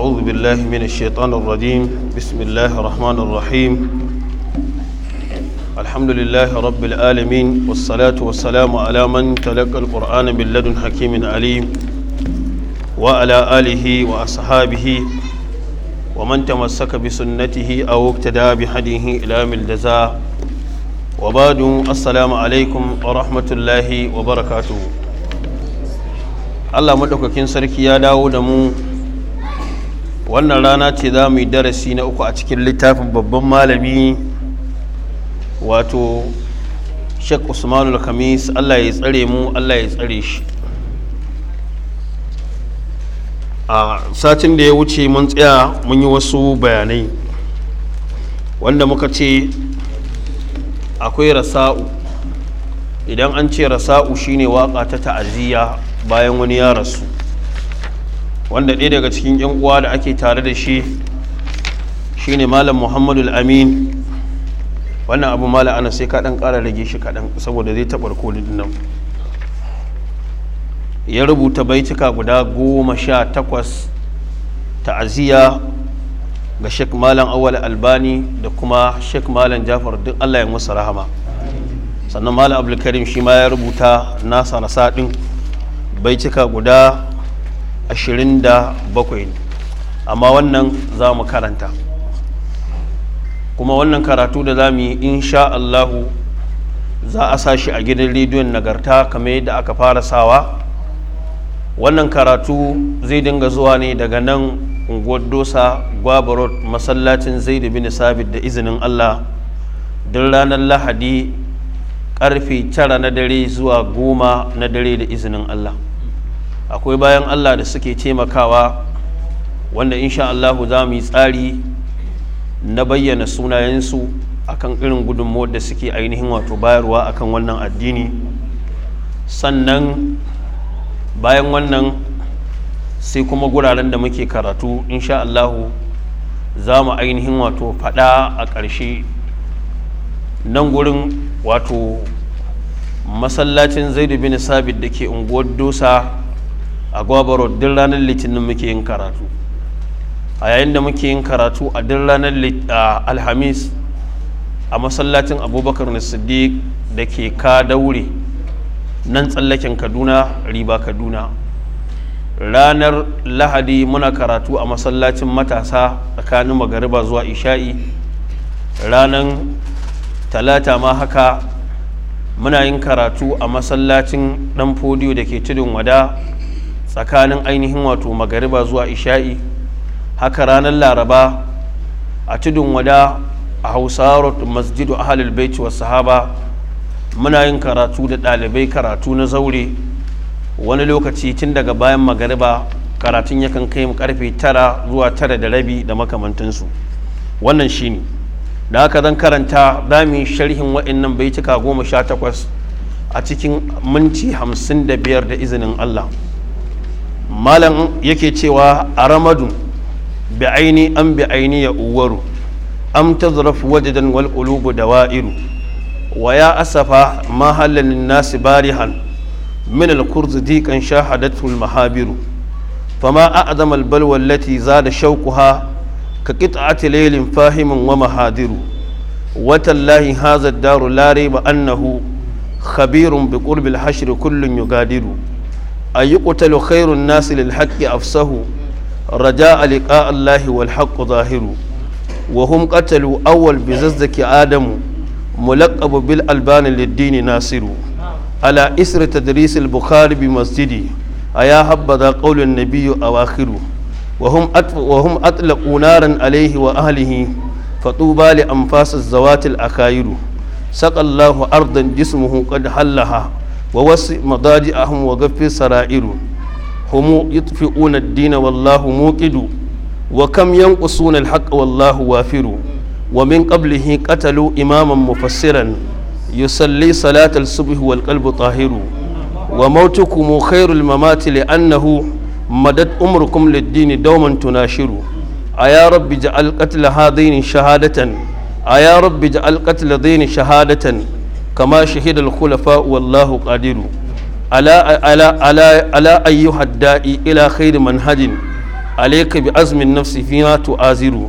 أعوذ بالله من الشيطان الرجيم بسم الله الرحمن الرحيم الحمد لله رب العالمين والصلاة والسلام على من تلقى القرآن من لدن حكيم عليم وعلى آله وأصحابه ومن تمسك بسنته أو اقتدى بهديه إلى الجزاء وبعد السلام عليكم ورحمة الله وبركاته Allah maɗaukakin sarki ya dawo da mu wannan rana ce za mu yi darasi na uku a cikin littafin babban malami wato sheikh usmanul khamis allah ya tsare mu allah ya tsare shi a satin da ya wuce mun tsaya mun yi wasu bayanai wanda muka ce akwai rasa'u idan an ce rasa'u shine waka ta ta'aziyya bayan wani ya rasu wanda ɗaya daga cikin 'yan uwa da ake tare da shi shine malam muhammadu amin wannan abu malam ana sai kaɗan ƙara rage shi kaɗan saboda zai taɓar koli nan ya rubuta baituka guda goma sha takwas ta'aziyya ga sheik malam awal albani da kuma sheik malam jafar duk allah ya musu rahama sannan malam abdulkarim shi ma ya rubuta nasa nasa ɗin baituka guda ashirin da bakwai ne amma wannan za mu karanta kuma wannan karatu da za mu yi Allahu za a sa shi a gidan rediyon nagarta kamar yadda aka fara sawa wannan karatu zai dinga zuwa ne daga nan unguwar dosa gwabarot masallacin zaidu bin sabit da izinin Allah don ranar lahadi karfe tara na dare zuwa goma na dare da izinin Allah akwai bayan allah da suke taimakawa wanda insha allahu za mu yi tsari na bayyana sunayensu akan irin gudunmuwar da suke ainihin wato bayarwa akan wannan addini sannan bayan wannan sai kuma guraren da muke karatu insha allahu za mu ainihin wato faɗa a ƙarshe nan gurin wato masallacin zaidu bin sabit da ke unguwar dosa a gwabaro duk ranar litinin muke yin karatu a yayin da muke yin karatu a din ranar alhamis a masallacin abubakar siddiq da ke ka daure nan tsallaken kaduna riba kaduna ranar lahadi muna karatu a masallacin matasa tsakanin magariba zuwa isha'i ranar talata ma haka muna yin karatu a masallacin dan fodiyo da ke tudun wada tsakanin ainihin wato magariba zuwa isha'i haka ranar laraba a tudun wada a hausawar masjidu ahalul baiti wasu sahaba muna yin karatu da ɗalibai karatu na zaure wani lokaci tun daga bayan magariba karatun yakan kai mu karfe tara zuwa tara da rabi da makamantansu wannan shi ne da haka zan karanta za mu yi sharhin wa'annan baitika goma sha takwas a cikin minti hamsin da biyar da izinin allah malam yake cewa a ramadu bi aini an bi aini ya uwaru am tazrafu wajadan wal qulubu dawa'iru wa ya asafa ma halal nasi barihan min al kurz diqan shahadatu al mahabiru fama a'zama al balwa allati zada shawquha ka qit'ati laylin fahimun wa mahadiru watallahi hadha ad-daru la rayba annahu khabirun bi qurbi al hashr kullun yugadiru a yi ƙutalu khairun nasi lil haƙƙi afsahu raja a liƙa Allahi wal haƙƙu zahiru wa hum ƙatalu awwal bi zazzaki adamu mulaƙabu bil albani liddini nasiru ala isri tadris al bukhari bi masjidi a ya habbaza ƙaulin nabiyu awakiru wa hum atlaqu naran alaihi wa ahlihi fatuba li anfas zawatil akayiru saqallahu ardan jismuhu qad hallaha wa wasu madaji ahun wa gafi sara'iru humu yutfi'una ad-dina wallahu muqidu wa kam yanqusuna al haƙa wallahu wafiru wa min qablihi qatalu imaman mufassiran yusalli salatal subhi wal qalbu tahiru wa mautukum khairul mamati annahu madad umrukum umar dini dawman tunashiru aya rabbi ja'al shahadatan aya rabbi ja'al qatla dhaini shahadatan kama shahidar kulafa wallahu qadiru ala ala ala da'i ila khair manhajin alayka bi azmin nafsi fina tu'aziru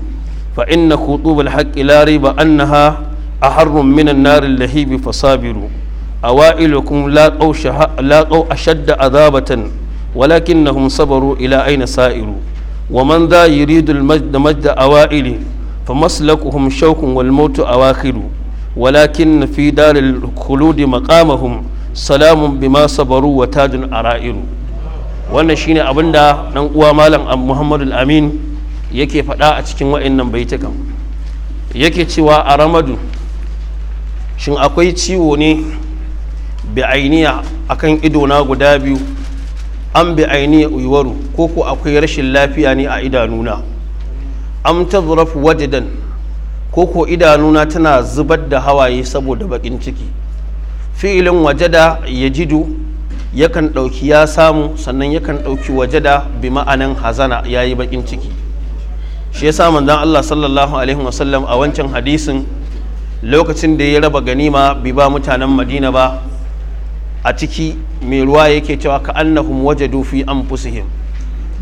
fa inna khutub al-haqq riba annaha أحر من النار اللهيب فصابروا أوائلكم لاقوا شها... لاقوا أشد عذابة ولكنهم صبروا إلى أين سائروا ومن ذا يريد المجد مجد أوائله فمسلكهم شوك والموت أواخره walakin fi دار الخلود مقامهم salamun بما صبروا wa tajun ara'iru wannan shine abinda dan uwa malam Muhammadu Amin yake faɗa a cikin waɗannan baitukan yake cewa a ramadu shin akwai ciwo ne bi ainiya akan idona guda biyu an bi ainiya uyuwaru ko ko akwai rashin lafiya ne a idanuna am tazrafu wajadan ko ko idanuna tana zubar da hawaye saboda bakin ciki fi'ilin wajada yajidu yakan ɗauki ya samu sannan yakan ɗauki wajada bi ma'anan hazana yayi bakin ciki shi yasa manzon Allah sallallahu alaihi wasallam a wancan hadisin lokacin da ya raba ganima bi ba mutanen Madina ba a ciki mai ruwa yake cewa ka annahum wajadu fi anfusihim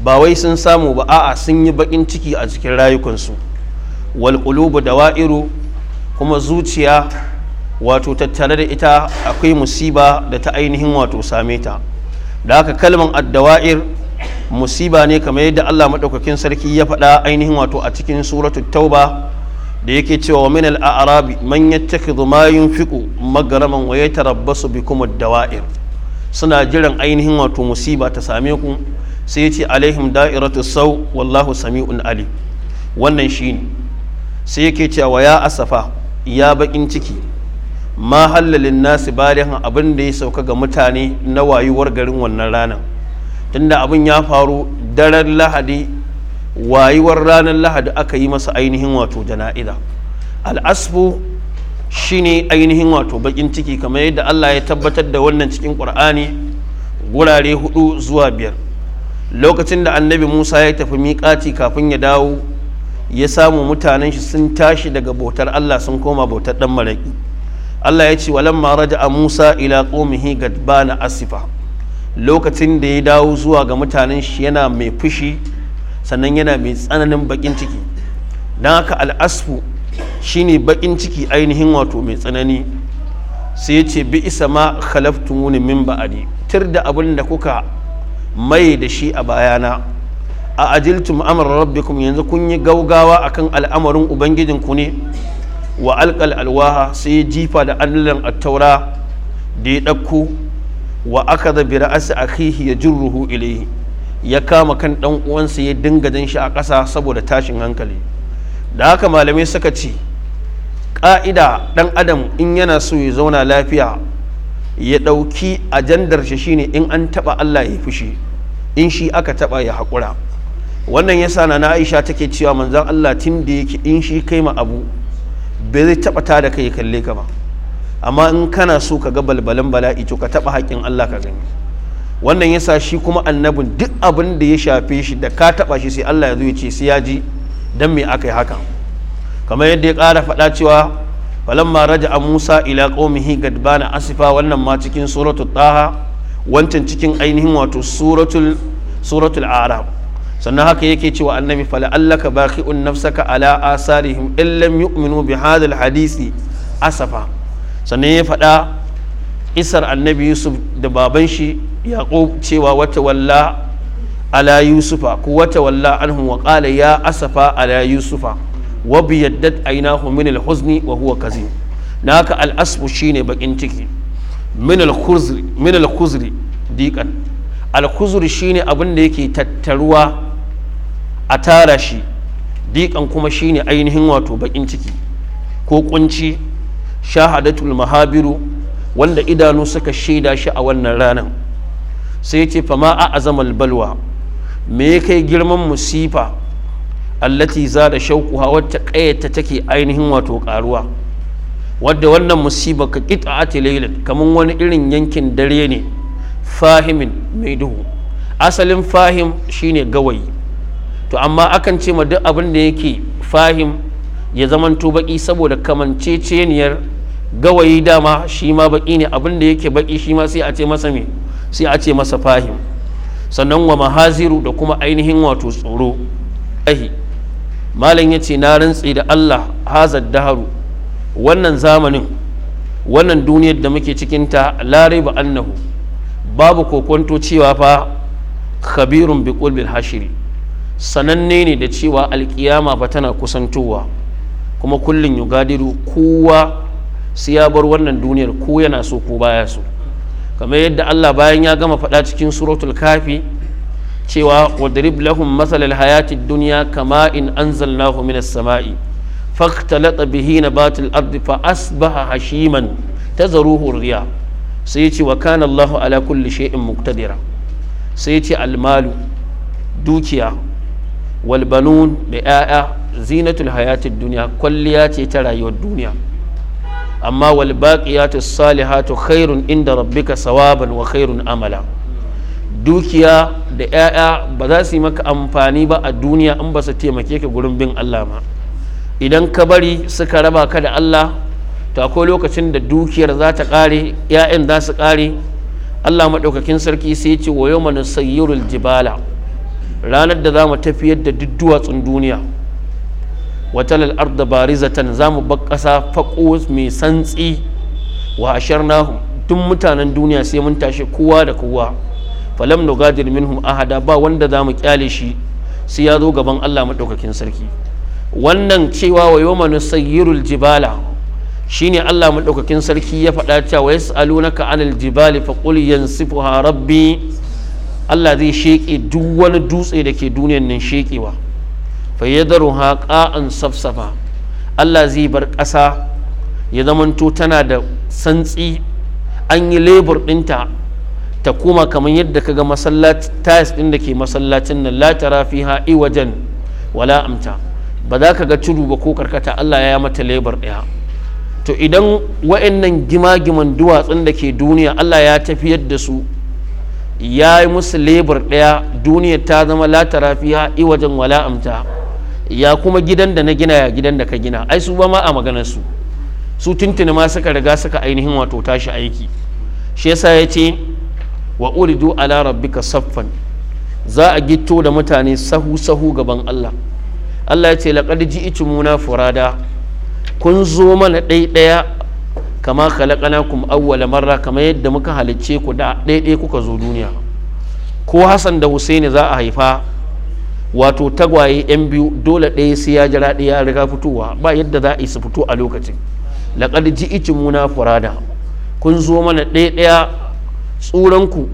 ba wai sun samu ba a'a sun yi bakin ciki a cikin rayukansu walƙulubu da wairu kuma zuciya wato tattare da ita akwai musiba da ta ainihin wato same ta da haka kalman addawa'ir musiba ne kamar yadda Allah maɗaukakin sarki ya faɗa ainihin wato a cikin suratul tauba da yake cewa min al-a'rabi man yattakhidhu ma yunfiqu ta wa yatarabbasu bikum ad-dawa'ir suna jiran ainihin wato musiba ta same ku sai ce alaihim da'iratu sau wallahu sami'un ali wannan shine sai yake cewa ya asafa ya bakin ciki ma hallalin nasi balihan abin da ya sauka ga mutane na wayuwar garin wannan ranar tunda abin ya faru daren lahadi wayuwar ranar lahadi aka yi masa ainihin wato jana'iza al'asfu shine ainihin wato bakin ciki kamar yadda Allah ya tabbatar da wannan cikin Qur'ani gurare hudu zuwa biyar lokacin da annabi Musa ya tafi miƙati kafin ya dawo ya samu mutanen shi sun tashi daga bautar Allah sun koma bautar dan maraƙi. Allah ya ce walamma a Musa ila qaumihi gadbana asifa lokacin da ya dawo zuwa ga mutanen shi yana mai fushi sannan yana mai tsananin bakin ciki dan haka al'asfu shine bakin ciki ainihin wato mai tsanani sai ya ce bi isa ma khalaftumuni min ba'adi tirda da abin da kuka mai da shi a bayana a ajiltum rabbi rabbikum yanzu kun yi gaugawa akan al'amarin ubangijin ku ne wa alkal alwaha sai ya jifa da annalan ataura da ya ɗakku wa a bi ya jin ruhu ilai ya kama kan ɗan'uwansa uwansa ya dinga jan shi a ƙasa saboda tashin hankali da haka malamai suka ce ƙa'ida ɗan adam in yana so ya zauna lafiya ya ɗauki ajandar shi shine in an taɓa Allah ya fushi in shi aka taɓa ya haƙura wannan ya sa na Aisha take cewa manzon Allah tun da yake in shi kai ma abu bai zai taba ta da kai kalle ka ba amma in kana so ka ga balbalan bala'i to ka taba haƙƙin Allah ka gani wannan ya sa shi kuma annabin duk abin da ya shafe shi da ka taba shi sai Allah ya zo ya ce sai ya ji dan me aka yi haka kamar yadda ya kara faɗa cewa falamma a Musa ila ga gadbana asifa wannan ma cikin suratul taha wancan cikin ainihin wato suratul suratul sannan haka yake cewa annabi fala allaka baqi'un nafsaka ala asarihim in lam yu'minu bi hadhal hadisi asafa sannan ya faɗa isar annabi yusuf da baban shi yaqub cewa wata walla ala yusufa ko wata walla anhum wa qala ya asafa ala yusufa wa biyaddat aynahu min al-huzni wa huwa naka al-asfu shine bakin ciki min al-khuzri min al-khuzri diqan al-khuzri shine abin da yake tattaruwa a tara shi diƙan kuma shine ainihin wato bakin ciki ko kunci shahadatul mahabiru wanda idanu suka shaida shi a wannan ranar sai ce fama a azamal balwa me ya kai girman musifa allati za da shaukuwa wacce ƙayyata take ainihin wato ƙaruwa wadda wannan musiba ka ƙita a tilailin kamar wani irin yankin dare ne fahimin mai duhu asalin fahim shine gawayi to amma akan ce ma duk abin da yake fahim ya zamanto baki saboda kamanceceniyar gawayi dama shi ma baki ne abin da yake baki shi ma sai a ce masa me sai a ce masa fahim sannan wa mahaziru da kuma ainihin wato tsoro ahi malam ya ce na rantsi da Allah hazar daharu wannan zamanin wannan duniyar da muke cikinta larai ba annahu babu kokonto cewa fa khabirun bi hashiri sananne ne da cewa alkiyama fa tana kusantowa kuma kullum yugadiru kowa sai ya bar wannan duniyar ko yana so ko baya so kamar yadda Allah bayan ya gama faɗa cikin suratul kafi cewa wadrib lahum masalal hayatid dunya kama in anzalnahu minas sama'i فاختلط به نبات الأرض فأصبح هشيما تزروه الرياح سيتي وكان الله على كل muktadira مقتدرا سيتي المال dukiya walbanun da 'ya'ya zinatul hayatul duniya kwalliya ce ta rayuwar duniya amma walbaqiyatu salihatu khairun inda rabbika sawaban wa khairun amala dukiya da 'ya'ya ba za su yi maka amfani ba a duniya in ba su taimake ka gurin bin Allah ma idan ka bari suka raba ka da Allah to akwai lokacin da dukiyar za ta kare 'ya'yan za su kare Allah maɗaukakin sarki sai ce wa yau jibala ranar da za mu tafiyar da duk duwatsun duniya watalal arda barizatan za mu bar ƙasa faƙo mai santsi wa na duk mutanen duniya sai mun tashi kowa da kowa falam nugadir minhum ahada ba wanda za mu kyale shi sai ya zo gaban Allah maɗaukakin sarki wannan cewa wa manu nusayyirul jibala shine Allah maɗaukakin sarki ya faɗa cewa yas'alunaka anil jibali faqul yansifuha rabbi Allah zai sheƙe duk wani dutse da ke duniyar nan sheƙewa fayyadaru ƙa'an safsafa Allah zai bar ƙasa ya zamanto tana da santsi an yi lebur ɗinta ta koma kamar yadda kaga masallaci tayis ɗin da ke masallacin nan la tara fiha iwajan wala amta ba za ka ga tudu ba ko karkata Allah ya mata lebur ɗaya to idan wa'annan gima-giman duwatsun da ke duniya Allah ya tafiyar da su ya yi musu lebur ɗaya duniya ta zama latara i iwajen wala amta ya kuma gidan da na gina ya gidan da ka gina ai su ba ma a maganar su su tuntuni ma suka riga suka ainihin wato tashi aiki shi yasa ya ce wa uridu ala rabbika saffan za a gitto da mutane sahu sahu gaban Allah Allah ya ce laqad ji'tumuna furada kun zo mana ɗai ɗaya kama khalaqnakum awwala marra kama yadda muka halicce ku da ɗaiɗai kuka zo duniya ko hasan da Husaini za a haifa wato tagwaye yan biyu dole ɗaya sai ya jira ɗaya ya riga fitowa ba yadda za a yi fito a lokacin laƙar ji ici muna furada kun zo mana ɗaya ɗaya tsuranku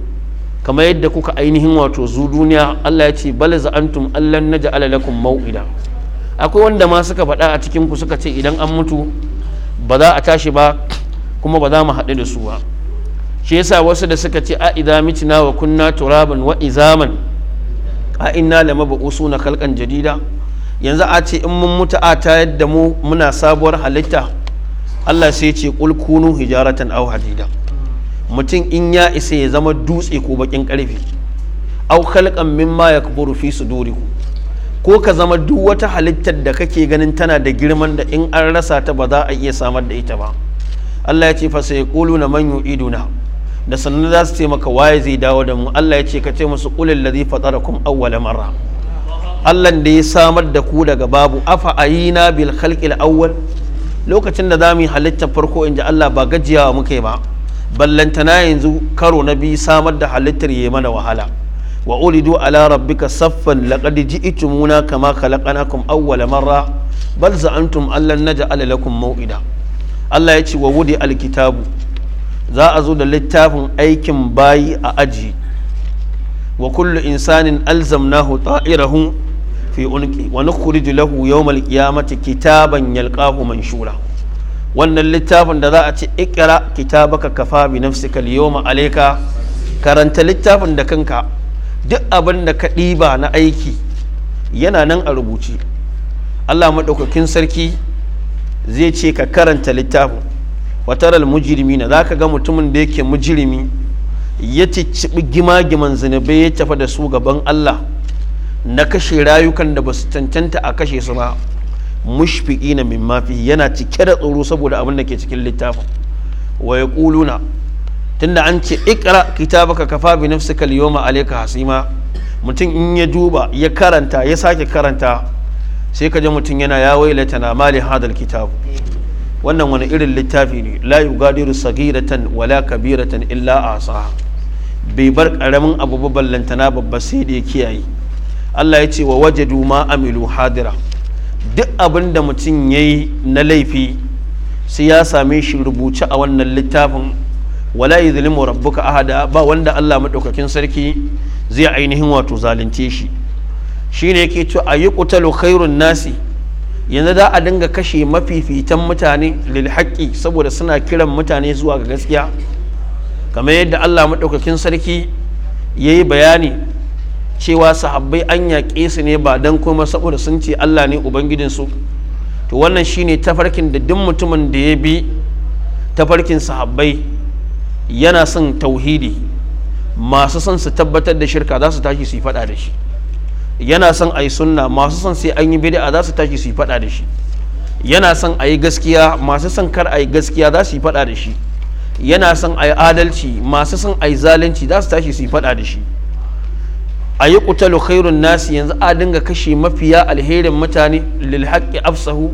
kamar yadda kuka ainihin wato zu duniya Allah ya ce bal za'antum allan ala lakum mau'ida akwai wanda ma suka faɗa a cikin ku suka ce idan an mutu ba za a tashi ba kuma ba za mu haɗu da su ba shi yasa wasu da suka ce a idza mitina wa kunna turaban wa izaman a inna usu na kalkan jadida yanzu a ce in mun mutu a ta yadda mu muna sabuwar halitta Allah sai ce kul hijaratan au hadida mutum in ya isa ya zama dutse ko bakin karfi aw khalqan mimma yakburu fi sudurikum ko ka zama duk wata halittar da kake ganin tana da girman da in an rasa ta ba za a iya samar da ita ba Allah ya ce fa sai na man yu'iduna da sannan za su ce maka waye zai dawo da mu Allah ya ce ka ce musu qulil ladzi fatarakum awwala marra Allah da ya samar da ku daga babu afa ayina bil khalqil awwal lokacin da zamu halitta farko inji Allah ba gajiyawa muke ba ballantana yanzu karo na biyu samar da halittar yayi mana wahala wa ulidu ala rabbika saffan laqad ji'tumuna kama khalaqnakum awwala marra bal za'antum allan naj'ala lakum maw'ida Allah ya ce wa wudi alkitabu za a zo da littafin aikin bayi a aji wa kullu insanin alzamnahu ta'irahu fi wani wa nukhrij lahu yawmal kitaban yalqahu manshura wannan littafin da za a ce ikira kitabaka kafa bi nafsika al alayka karanta littafin da kanka duk abin da ka ɗiba na aiki yana nan a rubuce Allah maɗaukakin sarki zai ce ka karanta littafin wataral na za ka ga mutumin da yake mujirimi ya cicciɓi gima-giman zinabai ya tafa da su gaban Allah na kashe rayukan da ba su cancanta a kashe su ba mushfiƙi na mafi yana cike da tsoro saboda abin da ke cikin littafin wa yaquluna tunda an ce ikra kitabaka kafa bi nafsika al-yawma alayka hasima mutum in ya duba ya karanta ya sake karanta sai ka ji mutum yana ya wailata na mali hadal kitabu wannan wani irin littafi ne la yugadiru sagiratan wala kabiratan illa asa bai bar karamin abu ba ballantana babba sai da ya kiyaye Allah ya ce wa waje ma amilu hadira duk abin da mutum ya yi na laifi sai ya same shi rubuce a wannan littafin wala yuzlimu rabbuka ahada ba wanda Allah madaukakin sarki zai ainihin wato zalunce shi shine yake cewa ayi qutalu khairun nasi yanzu za a dinga kashe mafifitan mutane lil haqqi saboda suna kiran mutane zuwa ga gaskiya kamar yadda Allah maɗaukakin sarki ya yi bayani cewa sahabbai an yaƙe su ne ba dan kuma saboda sun ce Allah ne ubangidinsu to wannan shine tafarkin da duk mutumin da ya bi tafarkin sahabbai yana son tauhidi masu son su tabbatar da shirka za su tashi su yi faɗa da shi yana son a yi sunna masu son sai an yi bid'a za su tashi su yi faɗa da shi yana son a yi gaskiya masu son kar a yi gaskiya za su yi faɗa da shi yana son a yi adalci masu son a yi zalunci za su tashi su yi faɗa da shi a yi kutalu khairun nasi yanzu a dinga kashe mafiya alherin mutane lil afsahu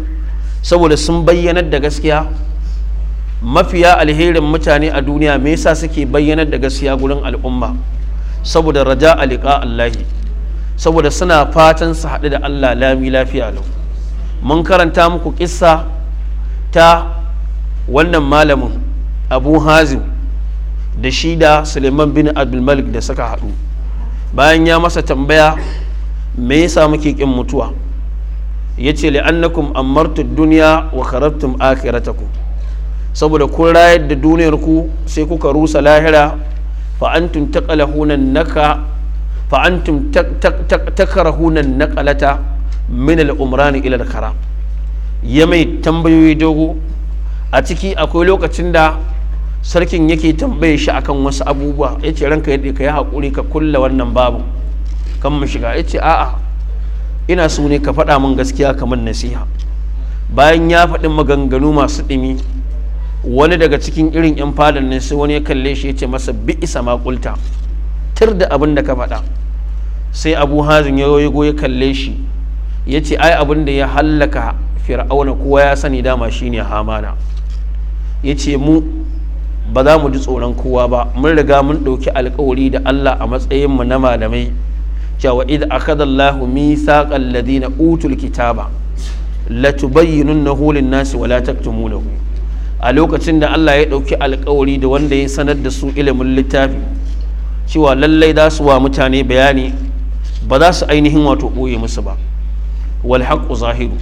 saboda sun bayyanar da gaskiya mafiya alherin mutane a duniya me yasa suke bayyanar da gaskiya gurin al'umma saboda raja alika allahi saboda suna fatan su haɗu da Allah lami lafiya lau mun karanta muku kisa ta wannan malamin abu hazim da shida da suleiman bin malik da suka haɗu bayan ya masa tambaya me yasa muke ƙin mutuwa ya ce li'annakum ammartu duniya wa kharabtum akhiratakum saboda kun rayar da duniyar ku sai kuka rusa lahira fa antum ƙalahunan naka fa antum na kalata min al-umran ila al ya mai tambayoyi dogo a ciki akwai lokacin da sarkin yake tambaye shi akan wasu abubuwa ya ce ranka yadda ka yi haƙuri ka kulla wannan babu kan mu shiga ya ce a'a ina so ne ka faɗa min gaskiya kamar nasiha bayan ya faɗi maganganu masu ɗimi wani daga cikin irin 'yan fadan ne sai wani ya kalle shi ya ce masa bi isa maƙulta tir da abin da ka faɗa sai abu hazin ya goyi ya kalle shi ya ce ai abin da ya hallaka fir'auna kowa ya sani dama shine hamana ya ce mu ba za mu ji tsoron kowa ba mun riga mun ɗauki alkawari da allah a matsayin mu na malamai cewa id da allahu saƙan ladina utul kitaba na nasu nasi wa la a lokacin da Allah ya ɗauki alkawari da wanda ya sanar da su ilimin littafi cewa lallai za su wa mutane bayani ba za su ainihin wato ɓoye musu ba wal haqqu zahiru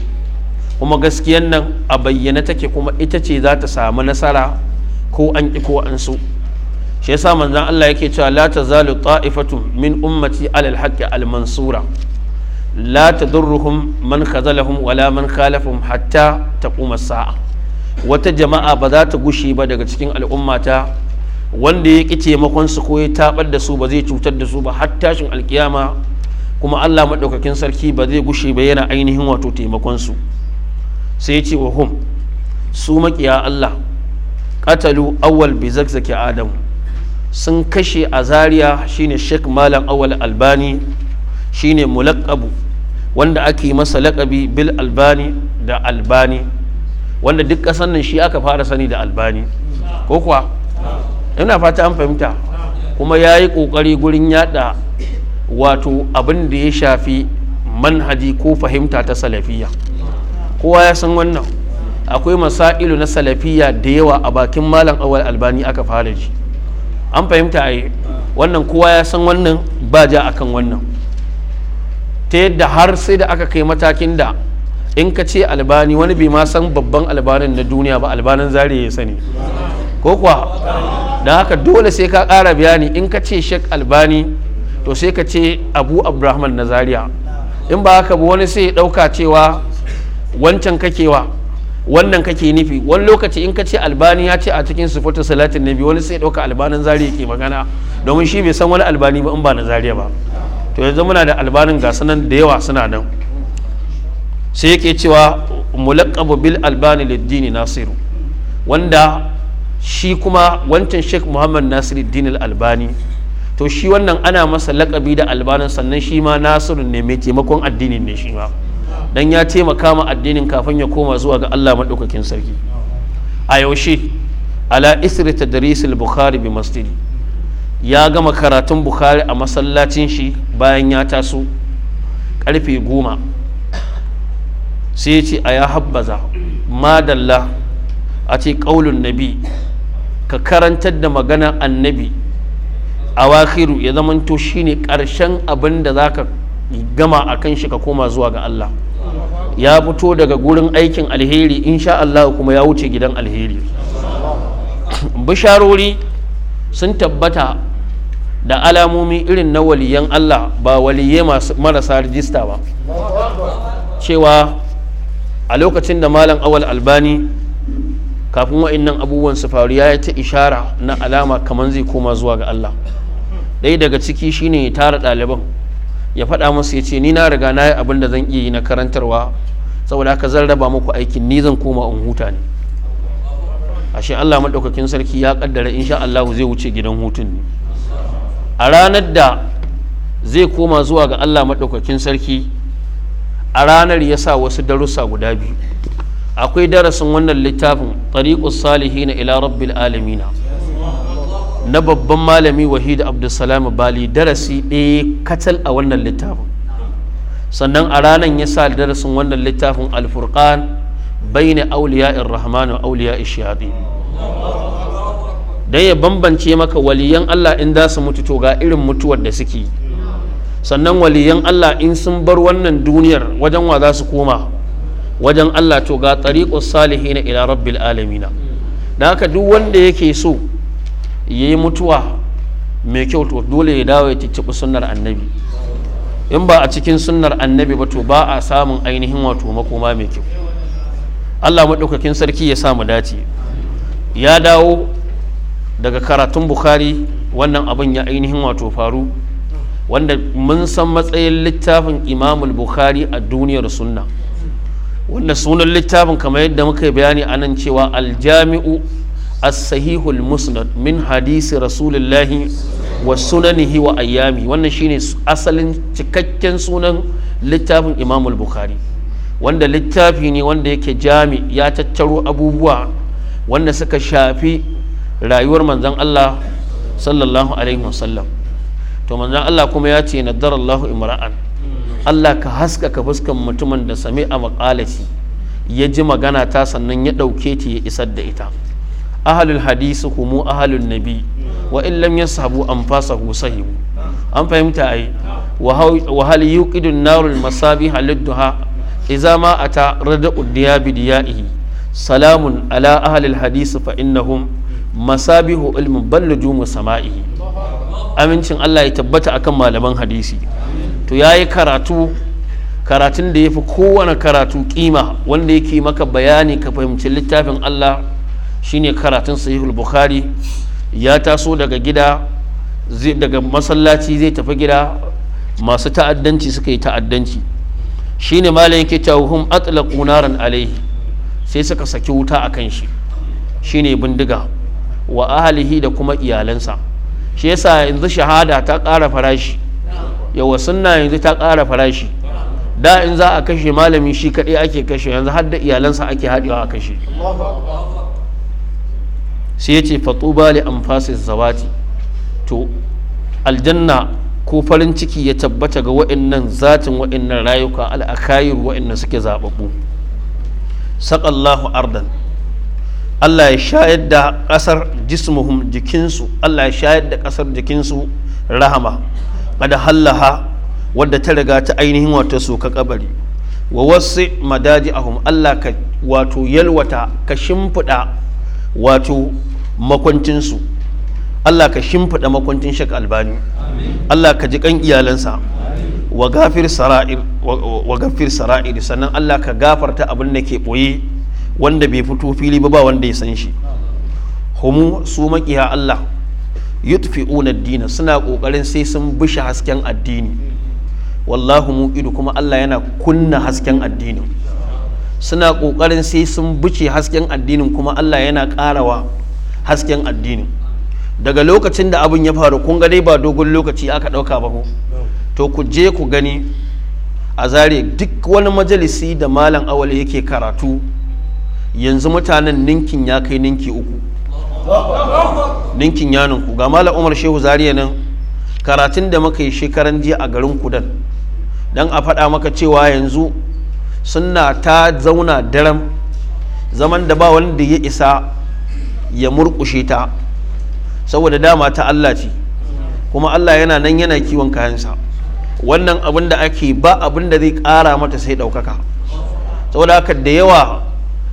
kuma gaskiyan nan a bayyana take kuma ita ce za ta samu nasara ko an ƙi ko an so shi yasa manzon Allah yake cewa la tazalu ta'ifatu min ummati alal haqqi al mansura la tadurruhum man khazalahum wala man khalafahum hatta taquma sa'a wata jama'a ba za ta gushe ba daga cikin al'ummata wanda ya ƙi taimakon su ko ya tabar da su ba zai cutar da su ba har tashin alkiyama kuma Allah maɗaukakin sarki ba zai gushe ba yana ainihin wato taimakon su sai ya ce wa hum su maƙiya Allah ƙatalu awal bi zakzaki adam sun kashe a zaria shine sheikh malam awal albani shine mulakabu wanda ake masa laƙabi bil albani da albani wanda duk ƙasar nan shi aka fara sani da albani ko kuwa ina fata an fahimta kuma ya yi ƙoƙari gurin yada wato abin da ya shafi manhaji ko fahimta ta salafiya kowa ya san wannan akwai masailu na salafiya da yawa a bakin malam awal albani aka fara ji an fahimta a wannan kowa ya san wannan ba ja kan wannan ta yadda har sai da aka kai matakin da in ka ce albani wani bai ma san babban albanin na duniya ba albanin zari ya sani ko kuwa don haka dole sai ka ƙara bayani in ka ce shek albani to sai ka ce abu abdurrahman na Zariya in ba haka wani sai ya ɗauka cewa wancan kakewa wannan kake nufi wani lokaci in ka ce albani ya ce a cikin sufatu salatin na biyu wani sai ya ɗauka albanin Zariya ke magana domin shi bai san wani albani ba in ba na Zariya ba to yanzu muna da albanin ga sanan da yawa suna nan sai yake cewa mulaqabu bil albani liddini nasiru wanda shi kuma wancan sheikh muhammad Nasiru nasiruddin albani to shi wannan ana masa lakabi da albanin sannan shi ma nasiru ne mai taimakon addinin ne shi ma dan ya taimaka ma addinin kafin ya koma zuwa ga Allah maɗaukakin sarki a yaushe ala isri tadris al-bukhari bi masjidi ya gama karatun bukhari a masallacin shi bayan ya taso karfe goma sai ya ce a ya habbaza madalla a ce ƙaulun nabi ka karantar da magana annabi awakhiru ya zamanto shine karshen abin da zaka gama akan shi ka koma zuwa ga Allah ya fito daga gurin aikin alheri insha Allah kuma ya wuce gidan alheri bisharori sun tabbata da alamomi irin na waliyan Allah ba waliye marasa rijista ba cewa a lokacin da malam awal albani kafin wa'annan abubuwan su faru ya ta ishara na alama kamar zai koma zuwa ga Allah ɗaya daga ciki shine ya tara ɗaliban ya faɗa musu ya ce ni na riga na yi abin da zan iya yi na karantarwa saboda haka zan raba muku aikin ni zan koma in huta ne ashe Allah maɗaukakin sarki ya ƙaddara insha Allah zai wuce gidan hutun ne a ranar da zai koma zuwa ga Allah maɗaukakin sarki a ranar ya sa wasu darussa guda biyu akwai darasin wannan littafin tariqus salihina ila rabbil alamina na babban malami wahid abdulsalam bali darasi ɗaya katal a wannan littafin sannan a ranar ya sa darasin wannan littafin alfurkan bai ne auliya irrahmanu auliya ishiyaɗi don ya bambance maka waliyan allah in za su mutu to ga irin mutuwar da suke sannan waliyan allah in sun bar wannan duniyar wajen wa za su koma wajen allah to ga tariƙus salihina ila rabbil alamina da haka duk wanda yake so ya yi mutuwa mai kyau to dole ya dawo ya cicciɓi sunnar annabi in ba a cikin sunnar annabi ba to ba a samun ainihin wato makoma mai kyau allah maɗaukakin sarki ya samu dace ya dawo daga karatun bukhari wannan abin ya ainihin wato faru wanda mun san matsayin littafin imamul bukhari a duniyar sunna wanda sunan littafin kamar yadda muka yi bayani anan cewa aljami'u A sahihul musnad min hadisi rasulullahi wa sunanihi wa ayyami wannan shine asalin cikakken sunan littafin imam bukhari wanda littafi ne wanda yake jami ya tattaro abubuwa wanda suka shafi rayuwar manzon Allah sallallahu alaihi wasallam to manzon Allah kuma ya ce nadarallahu imra'an Allah ka ka fuskan mutumin da same a maƙalaci ya ji magana ta sannan ya ɗauke ta ya isar da ita ahalul hadisi humu ahalul nabi wa in lam yashabu anfasahu sahibu an fahimta ai wa hal yuqidun narul masabi halidduha idza ma ata radu diyabi diyaihi salamun ala ahalil hadisi fa innahum masabihu ilmin ballujumu sama'ihi amincin Allah ya tabbata akan malaman hadisi to yayi karatu karatun da yafi kowane karatu kima wanda yake maka bayani ka fahimci littafin Allah shine karatun sahihul bukhari ya taso daga gida daga masallaci zai tafi gida masu ta'addanci suka yi ta'addanci shine malam yake cewa hum atlaqu naran alaihi sai suka saki wuta akan shi shine bindiga wa ahlihi da kuma iyalansa shi yasa yanzu shahada ta ƙara farashi yawa sunna yanzu ta ƙara farashi da in za a kashe malami shi kaɗai ake kashe yanzu har da iyalansa ake haɗewa a kashe sai ya ce fatuba li anfasis zawati to aljanna ko farin ciki ya tabbata ga wa'annan zatin wa'annan rayuka al'akayir wa'annan suke zababbu saƙallahu ardan Allah ya shayar da ƙasar jismuhum jikinsu Allah ya shayar da ƙasar jikinsu rahama ƙada hallaha wadda ta riga ta ainihin su ka kabari wa wasu madaji ahum Allah ka wato yalwata ka shimfiɗa wato makwancinsu Allah ka shimfiɗa makwancin shek albani Allah ka ji kan iyalansa wa gafir sara'ir sannan Allah ka gafarta abin da ke ɓoye wanda bai fito fili ba ba wanda ya san shi humu su makiya Allah yutfi'una ad-dina suna kokarin sai sun bishe hasken addini wallahu idu kuma Allah yana kunna hasken addinin suna ƙoƙarin sai sun bice hasken addinin kuma Allah yana ƙarawa hasken addini daga lokacin da abin ya faru kun ga dai ba dogon lokaci aka ɗauka ba ko to ku je ku gani a zare duk wani majalisi da malam awal yake karatu yanzu mutanen ninkin ya kai ninki uku ninkin yaninku ga malam umar shehu zariya nan karatun da muka yi shekaran jiya a garin kudan dan a faɗa maka cewa yanzu suna ta zauna daren zaman da ba wani da ya isa ya murƙushe ta saboda dama ta Allah ce kuma Allah yana nan yana kiwon kayansa wannan abin da ake ba abin da zai ƙara mata sai ɗaukaka saboda haka da yawa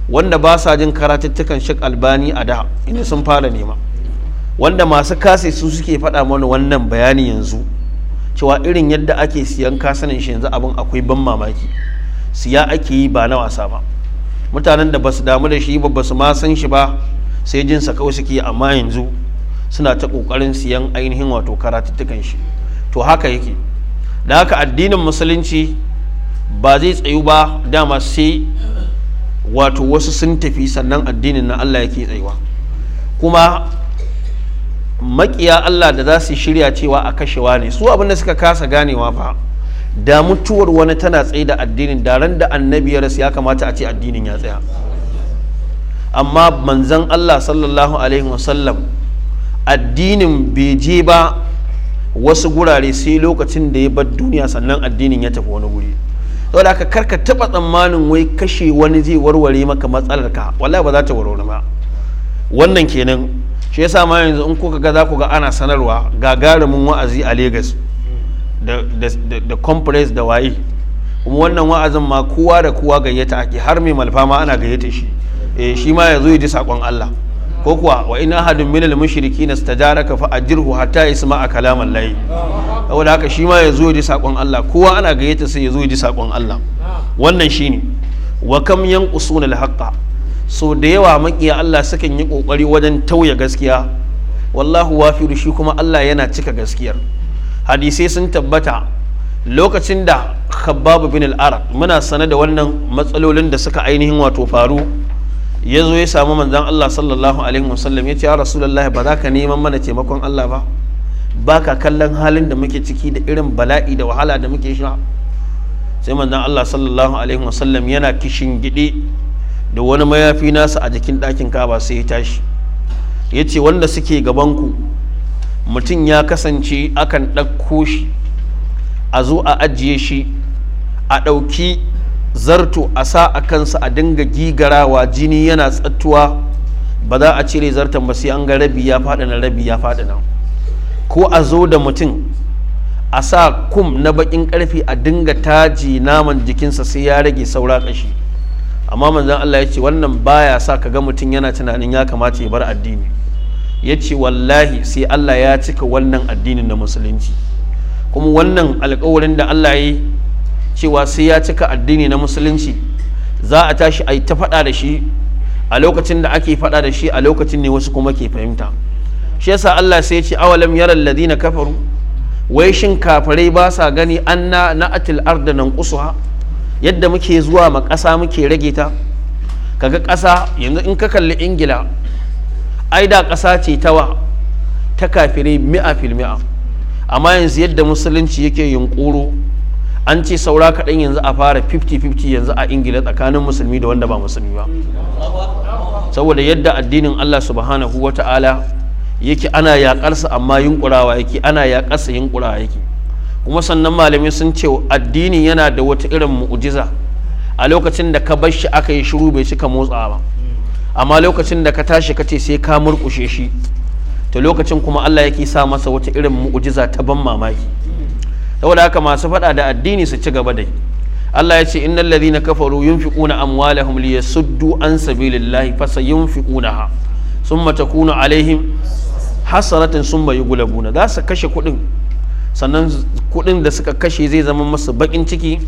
wanda ba sa jin karatuttukan shek albani a da inda sun fara nema wanda masu kase su suke faɗa mana wannan bayani yanzu cewa irin yadda ake siyan kasanin shi yanzu abin akwai ban mamaki siya ake yi ba na wasa ba mutanen da ba su damu da shi ba ba su ma san shi ba sai jinsa kawai suke amma yanzu suna ta ƙoƙarin siyan ainihin wato karatuttukan shi to haka yake da haka addinin musulunci ba zai tsayu ba dama sai wato wasu sun tafi sannan addinin na Allah yake tsayuwa kuma makiya Allah da za su shirya cewa a kashewa ne su abin da suka kasa ganewa fa da mutuwar wani tana tsaye da addinin da ran da annabi ya ya kamata a ce addinin ya tsaya amma manzan Allah sallallahu alaihi wasallam addinin bai je ba wasu gurare sai lokacin da ya bar duniya sannan addinin ya tafi wani guri saboda kar karka taba tsammanin wai kashe wani zai warware maka matsalar ka wallahi ba za ta warware ba wannan kenan shi yasa ma yanzu in kuka ga za ku ga ana sanarwa gagarumin wa'azi a Legas da compress da waye kuma wannan wa'azin ma kowa da kowa gayyata ake har mai malfama ana gayyata shi eh shi ma ya ji sakon Allah ko kuwa wa ina hadin minal mushriki na ka fa ajirhu hatta a kalaman layi saboda haka shi ma yazo ya ji sakon Allah kowa ana gayyata sai yazo ya ji sakon Allah wannan shine wa kam yanqusunal haqqa so da yawa makiya Allah sukan yi ƙoƙari wajen tauya gaskiya wallahu wafiru shi kuma Allah yana cika gaskiyar hadisai sun tabbata lokacin da khabbab bin al-arab muna sanar da wannan matsalolin da suka ainihin wato faru ya zo ya samu manzan Allah sallallahu alaihi wasallam ya ce a rasulullahi ba za ka neman mana taimakon Allah ba ba ka kallon halin da muke ciki da irin bala'i da wahala da muke sha sai manzan Allah sallallahu alaihi wasallam yana kishin gidi da wani mayafi nasa a jikin ɗakin kaba sai ya tashi ya ce wanda suke gabanku mutum ya kasance akan ɗauko shi a zo a ajiye shi a ɗauki zarto a sa a kansa a dinga gigarawa jini yana tsattuwa ba za a cire zartan ba sai an ga rabi ya faɗi na rabi ya faɗi na. ko a zo da mutum a sa kum na bakin karfi a dinga taji naman jikinsa sai ya rage saura kashi amma manzon Allah ya ce wannan baya sa ka ga mutum yana tunanin ya kamata ya bar addini ya ce wallahi sai Allah ya cika wannan addinin na musulunci kuma wannan alkawarin da Allah ya cewa sai ya cika addini na musulunci za a tashi a yi ta faɗa da shi a lokacin da ake faɗa da shi a lokacin ne wasu kuma ke fahimta shi yasa Allah sai ya ce awalam yaral ladina kafaru wai shin kafirai ba sa gani anna atil arda nan qusuha yadda muke zuwa ma ƙasa muke rage ta kaga ƙasa yanzu in ka kalli ingila ai da ƙasa ce tawa ta kafirai mi'a fil mi'a amma yanzu yadda musulunci yake yunƙuro an ce saura kaɗan yanzu a fara 50-50 yanzu a ingila tsakanin musulmi da wanda ba musulmi ba saboda yadda addinin allah subhanahu wa ta'ala yake ana yaƙarsa amma yunƙurawa yake ana yaƙarsa yunƙurawa yake kuma sannan malamai sun ce addini yana da wata irin mu'ujiza a lokacin da ka bar shi aka yi shiru bai cika motsa ba amma lokacin da ka tashi ka ce sai ka murƙushe shi ta lokacin kuma allah yake sa masa wata irin mu'ujiza ta ban mamaki saboda haka masu faɗa da addini su ci gaba da dai Allah ya ce innal ladhina kafaru yunfiquna amwalahum liyasuddu an sabilillahi fasayunfiqunaha summa takunu alaihim hasaratin summa yughlabuna za su kashe kuɗin sannan kuɗin da suka kashe zai zama masu bakin ciki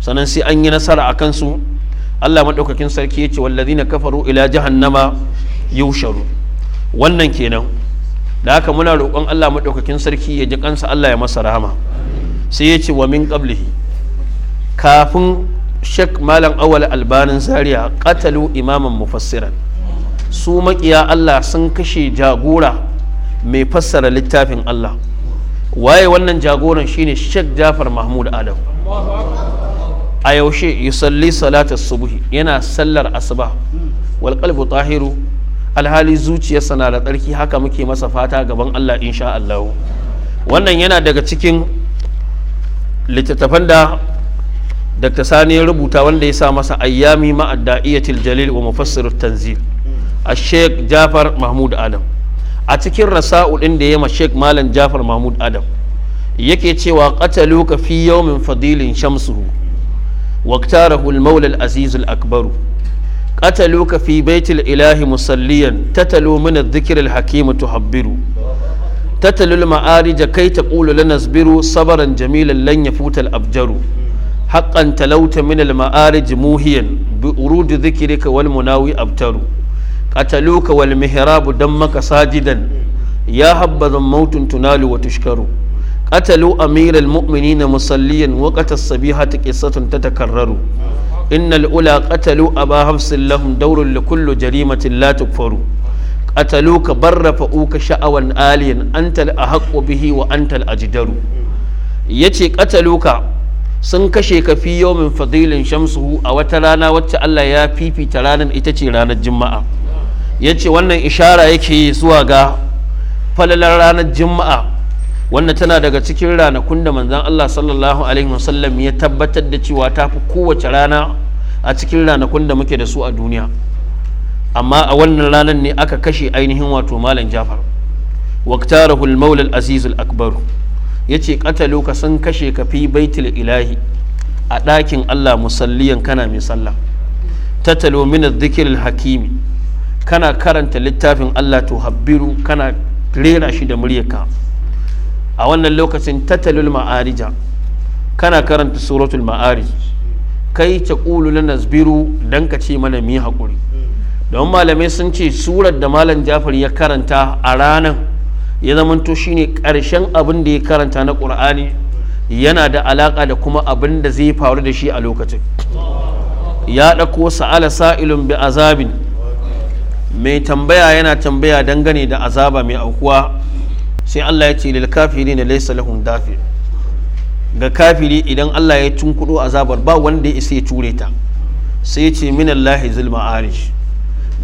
sannan sai an yi nasara a kansu Allah maɗaukakin sarki ya ce wallazina kafaru ila jahannama yusharu wannan kenan da haka muna roƙon Allah maɗaukakin sarki ya ji kansa Allah ya masa rahama sai ya ce wa min qablihi kafin shek malam awal albanin zaria katalu imaman mufassiran su makiya Allah sun kashe jagora mai fassara littafin Allah waye wannan jagoran shine shek Jafar Mahmud Adam a yaushe yusalli salatar subuhi yana sallar asuba wal qalbu tahiru alhali zuciyarsa na da tsarki haka muke masa fata gaban Allah insha Allah wannan yana daga cikin littattafan da dr sani ya rubuta wanda ya sa masa ayyami ma'adda'iyatil jalil wa mufassirut tanzil a sheikh jafar mahmud adam a cikin rasa'u ɗin da ya ma sheikh malam jafar mahmud adam yake cewa qataluka fi yawmin fadilin shamsuhu واقتاره azizul akbaru الأكبر قتلوك في بيت الإله مصليا تتلو من الذكر الحكيم تحبر tatalul ma'arija kai ta ƙulu lanasbiru sabaran jamilan lan ya futal abjaru haƙƙan talauta min al-ma'arij muhiyan bi urudi dhikrika wal munawi abtaru qataluka wal mihrabu dammaka sajidan ya habbadhan mautun tunalu wa tushkaru qatalu amiral mu'minina musalliyan wa qatas sabihata qissatun tatakarraru innal katalu a ba hafsin lahum dawrun likullu jarimatin la tukfaru qataluka fa'uka sha'awan aliyan antal haƙo bihi wa antal ajdaru yace qataluka sun kashe ka fi yawmin fadilin shamsuhu a wata rana wacce Allah ya fifita ranar ita ce ranar juma'a yace wannan ishara yake zuwa ga falalar ranar juma'a wannan tana daga cikin ranakun da manzon Allah sallallahu alaihi wasallam ya tabbatar da cewa ta fi kowace rana a cikin ranakun da muke da su a duniya amma a wannan ranar ne aka kashe ainihin wato malam jafar waktarahu al-maula al-aziz al-akbar yace qatalu ka sun kashe ka fi baitul ilahi a ɗakin Allah musalliyan kana mai sallah tatalo min dhikr hakimi kana karanta littafin Allah to habbiru kana rera shi da muryarka a wannan lokacin tatalul ma'arija kana karanta suratul ma'arij kai ta na nasbiru dan ka ce mana mi haƙuri don malamai sun ce surar da malam jafar ya karanta a ranar ya zamanto shine ƙarshen abin da ya karanta na ƙur'ani yana da alaƙa da kuma abin da zai faru da shi a lokacin ya ɗauko sa'ala sa'ilun bi azabin mai tambaya yana tambaya dangane da azaba mai aukuwa sai Allah ya ce lil ne laisa lahum dafi ga kafiri idan Allah ya tunkudo azabar ba wanda ya isa ya ture ta sai ya ce minallahi Allah zul ma'arish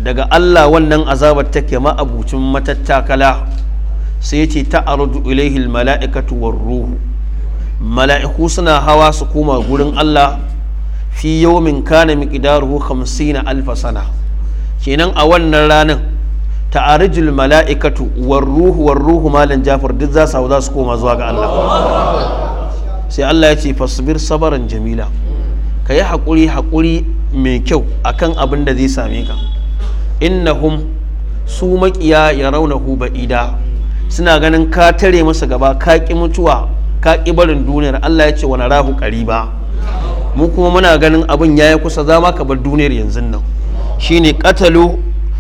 daga Allah wannan azabar take ma abucin matattakala sai ce ta arudu ilaihi mala'ikatu war ruhu mala'iku suna hawa su koma gurin Allah fi min kana ƙidaru 50 alf sana kenan a wannan ranar ta'arijul mala'ikatu war ruhu war ruhu malin Jafar duk za su hau za su koma zuwa ga Allah sai Allah ya ce fasbir sabaran jamila ka yi haƙuri haƙuri mai kyau akan abin da zai same ka innahum su makiya ya rauna huba ida suna ganin ka tare masa gaba ka ƙi mutuwa ka ƙi barin duniyar Allah ya ce wani rahu kariba mu kuma muna ganin abin ya yi kusa za ma ka bar duniyar yanzu nan shi shine qatalu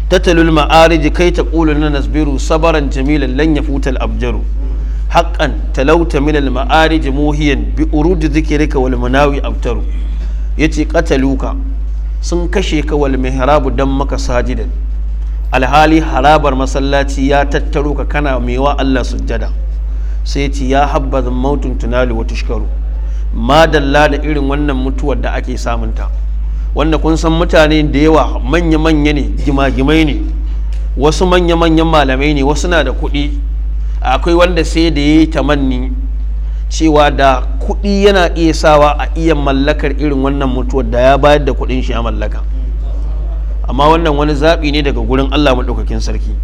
tatalul ma'ariji kai ta ƙulu na nasbiru sabaran jamilan lanya futal abjaru haƙƙan talauta min al-ma'arij muhiyan bi urud dhikrika wal ya abtaru yace ka. sun kashe ka wal mihrabu dan maka sajidan alhali harabar masallaci ya tattaro ka kana mewa Allah sujjada sai ce ya habbaz mautun tunali wa tushkaru ma dalla da irin wannan mutuwar da ake samunta wanda kun san mutane da yawa manya-manya ne gimagimai ne wasu manya-manyan malamai ne wasu na da kuɗi akwai wanda sai da ya yi tamanni cewa da kuɗi yana iya sawa a iya mallakar irin wannan mutuwar da ya bayar da kuɗin shi a mallaka amma wannan wani zaɓi ne daga gurin Allah maɗaukakin sarki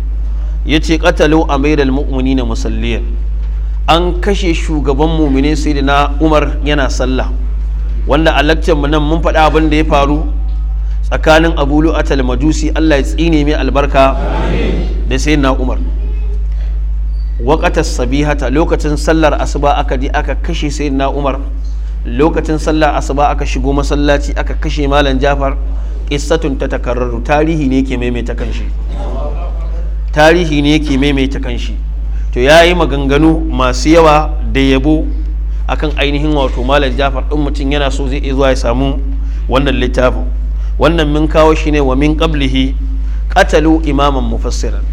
ya ce ƙatalo a maidal mu'mini na musalliyar an kashe shugaban muminin sai da na umar yana sallah wanda a mu nan mun faɗa abin da ya faru tsakanin abulu atal majusi Allah ya tsine mai albarka da sai na umar waqatas sabihata lokacin sallar asuba aka ji aka kashe na umar lokacin sallar asuba aka shigo masallaci aka kashe malam jafar qissatun ta takararru tarihi ne ke maimaita kanshi tarihi ne ke maimaita kanshi to yayi maganganu masu yawa da yabo akan ainihin wato malam jafar ɗin mutum yana so zai iya zuwa ya samu wannan littafin wannan min kawo shi ne wa min ƙablihi qatalu imaman mufassirin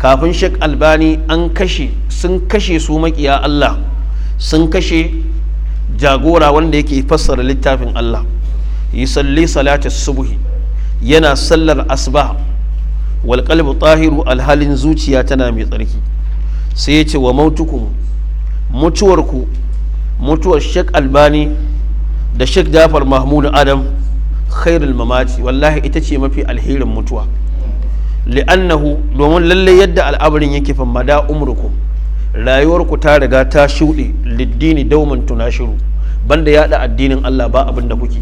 kafin shek albani an kashe sun kashe su makiya allah sun kashe jagora wanda yake fassara littafin allah yi salli salatar subuhi yana sallar asba wal tahiru alhalin zuciya tana mai tsarki sai ya ce wa mautukum mutuwarku mutuwar shek albani da shek jafar mahmud adam khairul mamaci wallahi ita ce mafi alherin mutuwa li'annahu domin lallai yadda al'amarin yake fa mada umrukum rayuwarku ta riga ta shuɗe liddini dauman tuna shiru banda yaɗa addinin Allah ba abin da kuke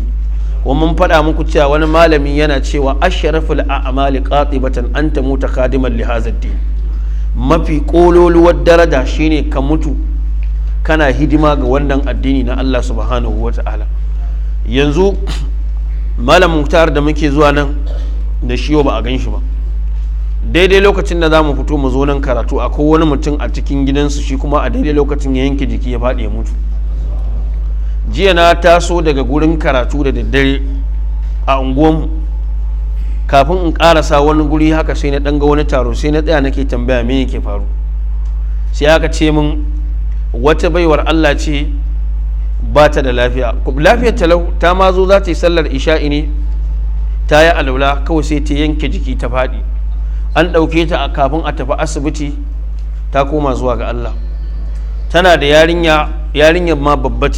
wa mun faɗa muku cewa wani malami yana cewa asharaful a'mali qatibatan anta muta khadiman li din mafi kololuwar daraja shine ka mutu kana hidima ga wannan addini na Allah subhanahu wata'ala yanzu malamin muktar da muke zuwa nan da shi ba a gan shi ba daidai lokacin da za mu fito mu zo nan karatu a wani mutum a cikin gidansu shi kuma a daidai lokacin ya yanke jiki ya faɗi ya mutu jiya na taso daga gurin karatu da daddare a unguwanmu kafin in karasa wani guri haka sai na ɗanga wani taro sai na tsaya nake tambaya me yake faru sai aka ce min wata baiwar allah ce ba ta da lafiya lafiyar talau ta ma zo za ta yi sallar isha'i ne ta yi alaula kawai sai ta yanke jiki ta faɗi an ɗauke ta kafin a tafi asibiti ta koma zuwa ga Allah tana da yarinya ma babba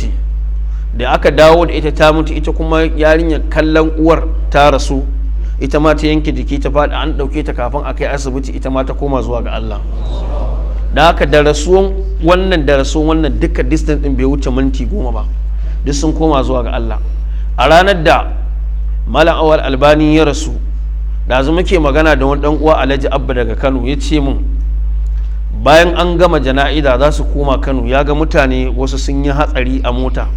da aka dawo da ita ta mutu ita kuma yarinyar kallon uwar ta rasu ita ma ta yanke jiki ta faɗi an ɗauke ta kafin a kai asibiti ita ma ta koma zuwa ga Allah da aka da rasuwan wannan da rasuwan wannan duka distance ɗin bai wuce minti goma ba duk sun koma zuwa ga Allah a ranar da malam awal albani ya rasu ɗazu muke magana da wani dan uwa alhaji abba daga kano ya ce mun bayan an gama jana'ida za su koma kano ya ga mutane wasu sun yi hatsari a mota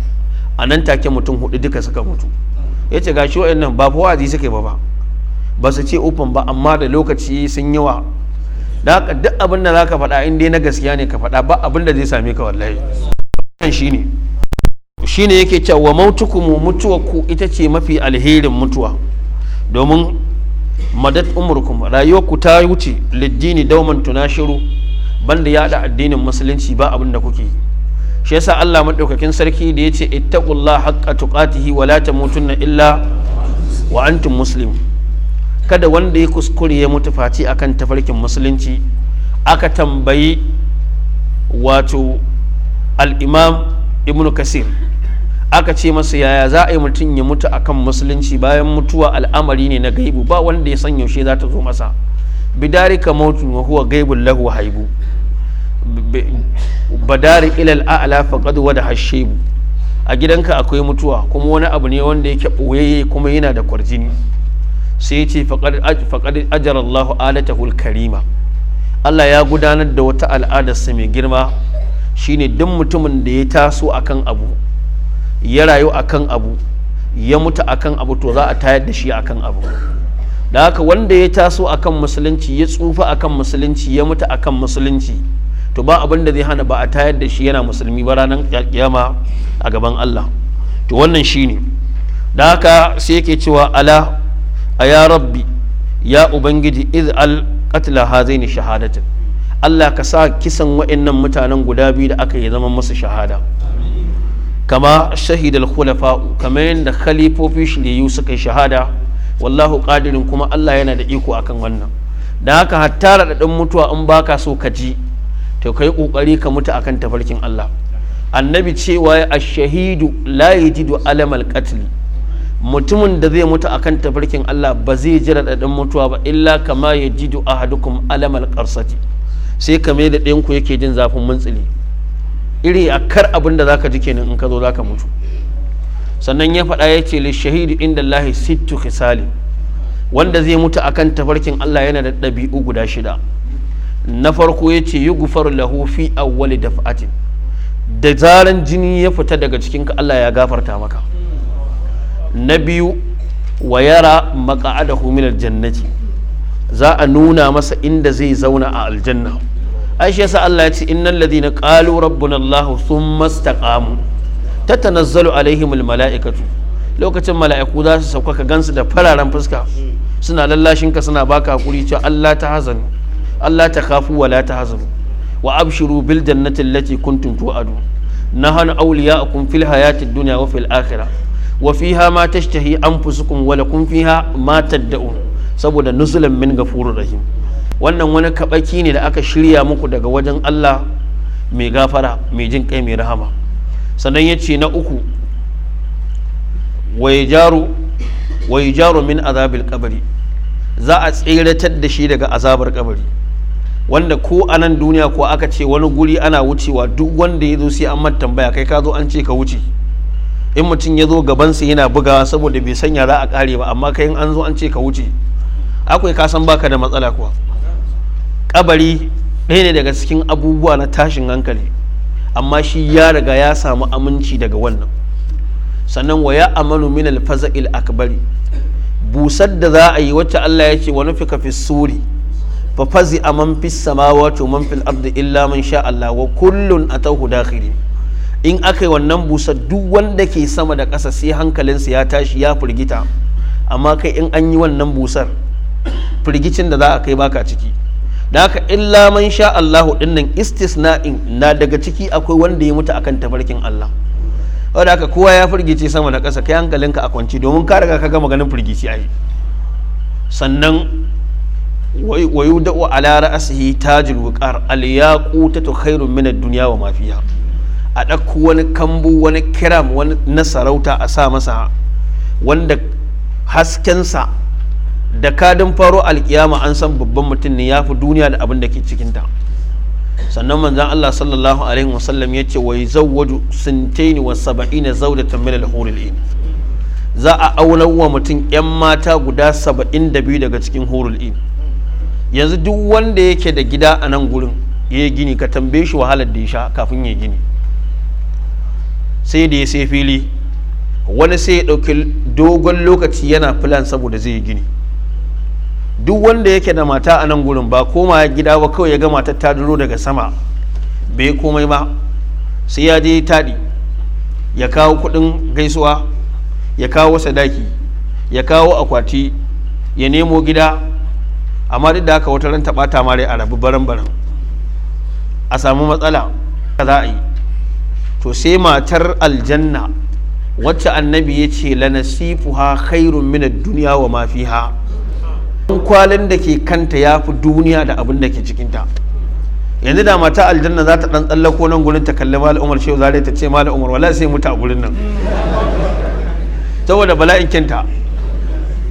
a nan take mutum hudu duka suka mutu ya ce gashi wa'annan ba fa wa'azi suka yi ba ba ba su ce ufan ba amma da lokaci sun yi wa da duk abin da zaka faɗa in dai na gaskiya ne ka faɗa ba abin da zai same ka wallahi shine shine yake cewa mautukumu mutuwa ku ita ce mafi alherin mutuwa domin madat umurkum rayuwarku ta wuce liddini dauman tunashiru banda ya da addinin musulunci ba abin da kuke shi yasa Allah madaukakin sarki da yace ittaqullaha haqqa tuqatihi wa la tamutunna illa wa antum muslim kada wanda ya kuskure ya mutu faci akan tafarkin musulunci aka tambayi wato al-imam ibnu kasir aka ce masa yaya za a yi mutum ya mutu akan musulunci bayan mutuwa al'amari ne na gaibu ba wanda ya san yaushe za ta zo masa ka mautun wa huwa gaibun lahu haibu badari ilal a'la faqad wada hashebu a gidanka akwai mutuwa kuma wani abu ne wanda yake boyayye kuma yana da kwarjini sai ya ce faqad ajara Allah alatahul karima Allah ya gudanar da wata al'adarsa mai girma shine duk mutumin da ya taso akan abu ya rayu akan abu ya mutu akan abu to za a tayar da shi akan abu da haka wanda ya taso akan musulunci ya tsufa akan musulunci ya mutu akan musulunci to ba abin da zai hana ba a tayar da shi yana musulmi ba ranar kyakkyama a gaban Allah to wannan shine da haka sai yake cewa ala a ya rabbi ya ubangiji iz al qatla hazaini shahadatin Allah ka sa kisan wa'annan mutanen guda biyu da aka yi zaman musu shahada kama shahidal khulafa kama yadda khalifofi shiriyu suka yi shahada wallahu qadirin kuma Allah yana da iko akan wannan da haka hatta raɗaɗin mutuwa in baka so ka ji to kai kokari ka mutu akan tafarkin Allah annabi cewa ya ash-shahidu la yajidu alamal qatl mutumin da zai mutu akan tafarkin Allah ba zai ji raɗaɗin mutuwa ba illa kama yajidu ahadukum alamal qarsati sai kamar da ɗayan ku yake jin zafin muntsili iri a kar abin da zaka ji kenan in ka zo zaka mutu sannan ya faɗa ya ce lishahidu inda lahi sittu khisali wanda zai mutu akan tafarkin Allah yana da ɗabi'u guda shida na farko ya ce yi gufar lahu fi da fi'atin da zaran jini ya fita daga cikin ka Allah ya gafarta maka na biyu wa yara maka'adahu min aljannati za a nuna masa inda zai zauna a aljanna ai yasa Allah ya ce innal ladina qalu rabbunallahu Allah thumma istaqamu tatanazzalu alaihimul mala'ikatu lokacin mala'iku za su sauka ka gansu da fararen fuska suna lallashin ka suna baka hakuri cewa Allah ta hazanu Allah ta kafu wala ta hazanu wa abshiru bil jannati allati kuntum tu'adu a awliya'akum fil hayatid dunya wa fil akhirah wa fiha ma tashtahi anfusukum wa lakum fiha ma tad'un saboda nuzulan min ghafurur rahim wannan wani kaɓaki ne da aka shirya muku daga wajen Allah mai gafara mai jin kai mai rahama sannan ya ce na uku wai jaro min azabil kabari za a tseratar da shi daga azabar kabari wanda ko a nan duniya ko aka ce wani guri ana wucewa duk wanda ya zo sai an mata tambaya kai ka zo an ce ka wuce in mutum ya zo gabansa yana bugawa saboda bai sanya za a kare ba amma kai in an zo an ce ka wuce akwai kasan baka da matsala kuwa kabari ɗaya ne daga cikin abubuwa na tashin hankali amma shi ya riga ya samu aminci daga wannan sannan wa ya amanu min alfaza'il akbari busar da za a yi wacce Allah ya ce wa nufika fi suri fa fazi a man fi samawati man fil ardi illa man sha Allah wa kullun atahu dakiri in aka yi wannan busar duk wanda ke sama da ƙasa sai hankalinsa ya tashi ya firgita amma kai in an yi wannan busar firgicin da za a kai baka ciki da illa man sha Allahu dinnan istisna'in na daga ciki akwai wanda ya mutu akan tafarkin Allah wadda aka kowa ya firgice sama na ƙasa kai hankalinka a kwanci domin ka riga ka gama ganin firgici a sannan wayu da wa ala ra'asihi tajul wuqar al yaqutatu khairun min ad-dunya wa ma a ɗauko wani kambu wani kiram wani na sarauta a sa masa wanda haskensa da kadin faro alkiyama an san babban mutum ne ya fi duniya da abin da ke cikinta sannan manzan Allah sallallahu alaihi wasallam ya ce wai zawwaju sintaini wa saba'ina zawdatan min al-hurul za a aunar wa mutum yan mata guda saba'in da biyu daga cikin hurul yanzu duk wanda yake da gida a nan gurin ya yi gini ka tambaye shi wahalar da ya sha kafin ya gini sai da ya sai fili wani sai ya ɗauki dogon lokaci yana filan saboda zai yi gini duk wanda yake da mata a nan gurin ba koma gida ba kawai ya ga matar ta duro daga sama bai komai ba sai ya je taɗi ya kawo kuɗin gaisuwa ya kawo sadaki ya kawo akwati ya nemo gida amma duk da haka wata ran taɓa ta mare a rabu baran-baran a samu matsala ka za a yi to sai matar aljanna wacce annabi ya ce lanasifuha khairun minad duniya wa mafiha kwalin da ke kanta ya fi duniya da abin da ke cikinta yanzu da mata aljanna za ta dan tsallako nan gurin ta kalli mal umar shehu zare ta ce mal umar wala sai mutu a gurin nan saboda bala'in kinta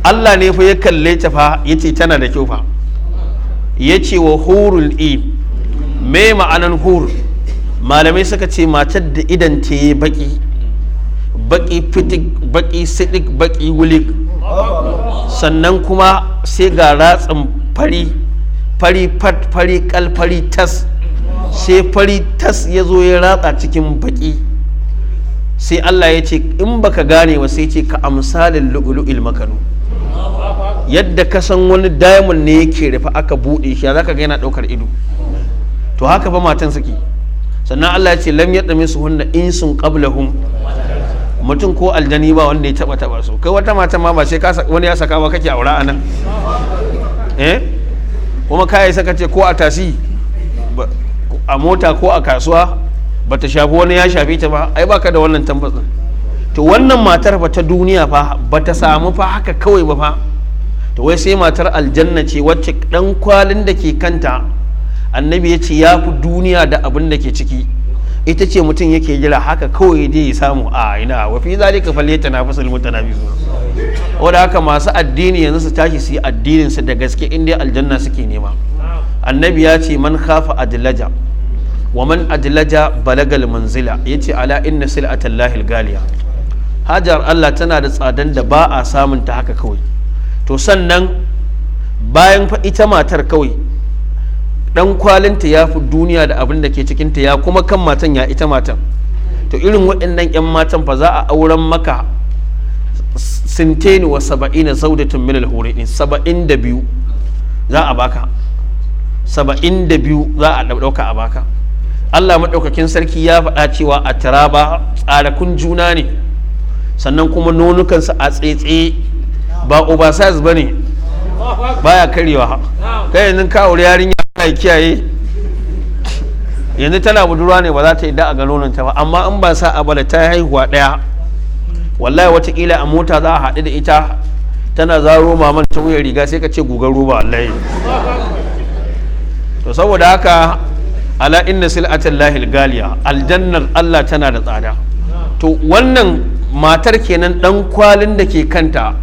Allah ne fa ya kalle ta fa yace tana da kyau fa yace wa hurul i me ma'anan hur malamai suka ce matar da idan ta yi baki baki fitik baki sidik baki wulik sannan kuma sai ga ratsin fari fari fat fari kal fari tas sai fari tas ya zo ya ratsa cikin baki sai Allah ya ce in baka gane ba sai ce ka amsalin lu'lu'il makanu yadda ka san wani diamond ne yake rufe aka bude shi za ka ga yana ɗaukar ido to haka fa matan suke sannan Allah ya ce lam yadda min su hunna in sun qablahum mutum ko aljani ba wanda ya taba taba su kai wata mata ma ba sai wani ya saka ba kake aure anan eh kuma kai sai ce ko a tasi a mota ko a kasuwa ba ta shafi wani ya shafi ta ba ai baka da wannan tambazin to wannan matar ba ta duniya fa ba ta samu fa haka kawai ba fa to wai sai matar aljanna ce wacce dan kwalin da ke kanta annabi ya ce ya fi duniya da abin da ke ciki ita ce mutum yake jira haka kawai dai ya samu a ina wa fi zalika falyata na fasul mutanabizu wanda haka masu addini yanzu su tashi su yi addinin su da gaske inda aljanna suke nema annabi ya ce man khafa adlaja wa man adlaja balagal manzila yace ala inna silatallahi galiya hajar Allah tana da tsadan da ba a samun ta haka kawai to sannan bayan fa ita matar kawai dan kwalinta ya fi duniya da abin da ke cikinta ya kuma kan matan ya ita matan to irin waɗannan 'yan matan fa za a auren maka sinteni wa saba'ina zaudatun minal hurin saba'in da biyu za a baka saba'in da biyu za a ɗauka a baka allah maɗaukakin sarki ya faɗa cewa a taraba tsarakun juna ne sannan kuma nonukansa a tsetse ba oversize ba ne baya karewa kai yanzu ka yarinya ai kiyaye yanzu tana budurwa ne ba za ta yi da a ga ta ba amma in ba sa abala ta haihuwa daya wallahi watakila a mota za a haɗu da ita tana zaro maman ta wuya riga sai ka ce gugar roba wallahi to saboda haka ala inna sil'atul lahil galiya aljannar Allah tana da tsada to wannan matar kenan dan kwalin da ke kanta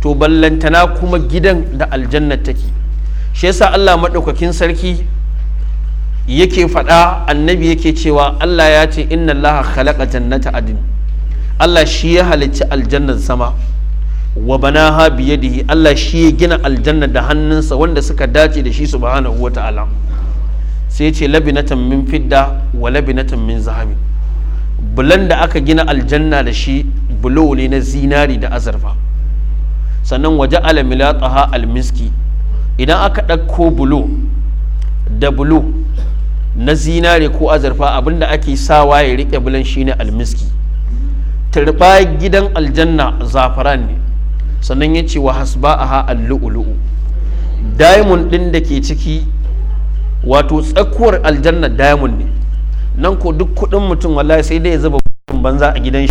to ballantana kuma gidan da aljannar take shi yasa Allah maɗaukakin sarki yake faɗa annabi yake cewa Allah ya ce inna Allah khalaqa jannata adin Allah shi ya halicci aljannar sama wa banaha biyadihi Allah shi ya gina aljanna da hannunsa wanda suka dace da shi subhanahu wata'ala sai ce labinatan min fidda wa labinatan min zahabi bulan da aka gina aljanna da shi bulo ne na zinari da azurfa sannan waje alamilataha almiski idan aka ɗauko bulo da bulo na zinare ko azurfa abinda ake sawa ya riƙe bulan ne almiski turba gidan aljanna zafaran ne sannan ya ce wa hasba a allu'ulu'u diamond ɗin da ke ciki wato tsakuwar aljanna diamond ne nan ko duk kuɗin mutum wallahi sai dai ya zuba banza a gidan shi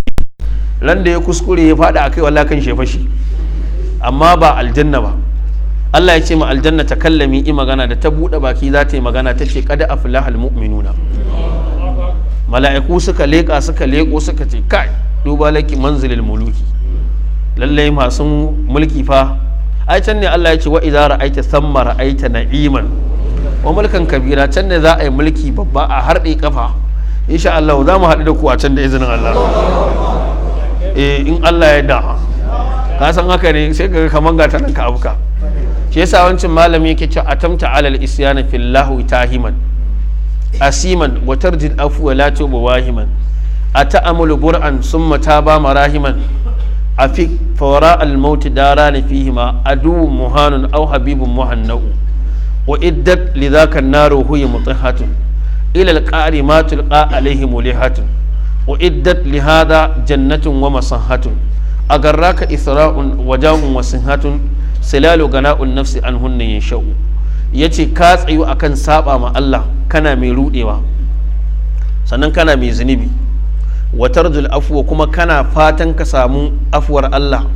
Randa ya kuskure ya faɗi a kai wallahi kan shefashi amma ba aljanna ba Allah ya ce ma aljanna ta kallami i magana da ta buɗe baki za ta yi magana ta ce kada a aflahal mu'minuna mala'iku suka leƙa suka leƙo suka ce kai duba laki manzilil muluki lallai masu mulki fa ai can ne Allah ya ce wa idza ra'aita thamma ra'aita na'iman wa mulkan kabira can ne za a yi mulki babba a harɗe kafa insha Allah za mu haɗu da ku a can da izinin Allah eh in Allah ya da ka san haka ne sai ka kaman ga tanan ka abuka shi yasa wancin malami yake cewa atamta alal isyana fillahu tahiman asiman wa tarjid afwa la tubu wahiman ata'amulu bur'an summa taba marahiman afi fawara al maut darani fihima adu muhanun aw habibun muhannau wa iddat lidhaka an-naru huwa mutahhatun ila al-qari ma tulqa alayhi mulihatun wa iddat lihada jannatun wa masahatun agarraka isra'un wajaun wasihatun silalu gana'un nafsi an hunna ya sha'u ya ce ka tsayu akan saba ma Allah kana mai rudewa sannan kana mai zunubi watar afuwa kuma kana fatan ka samu afuwar Allah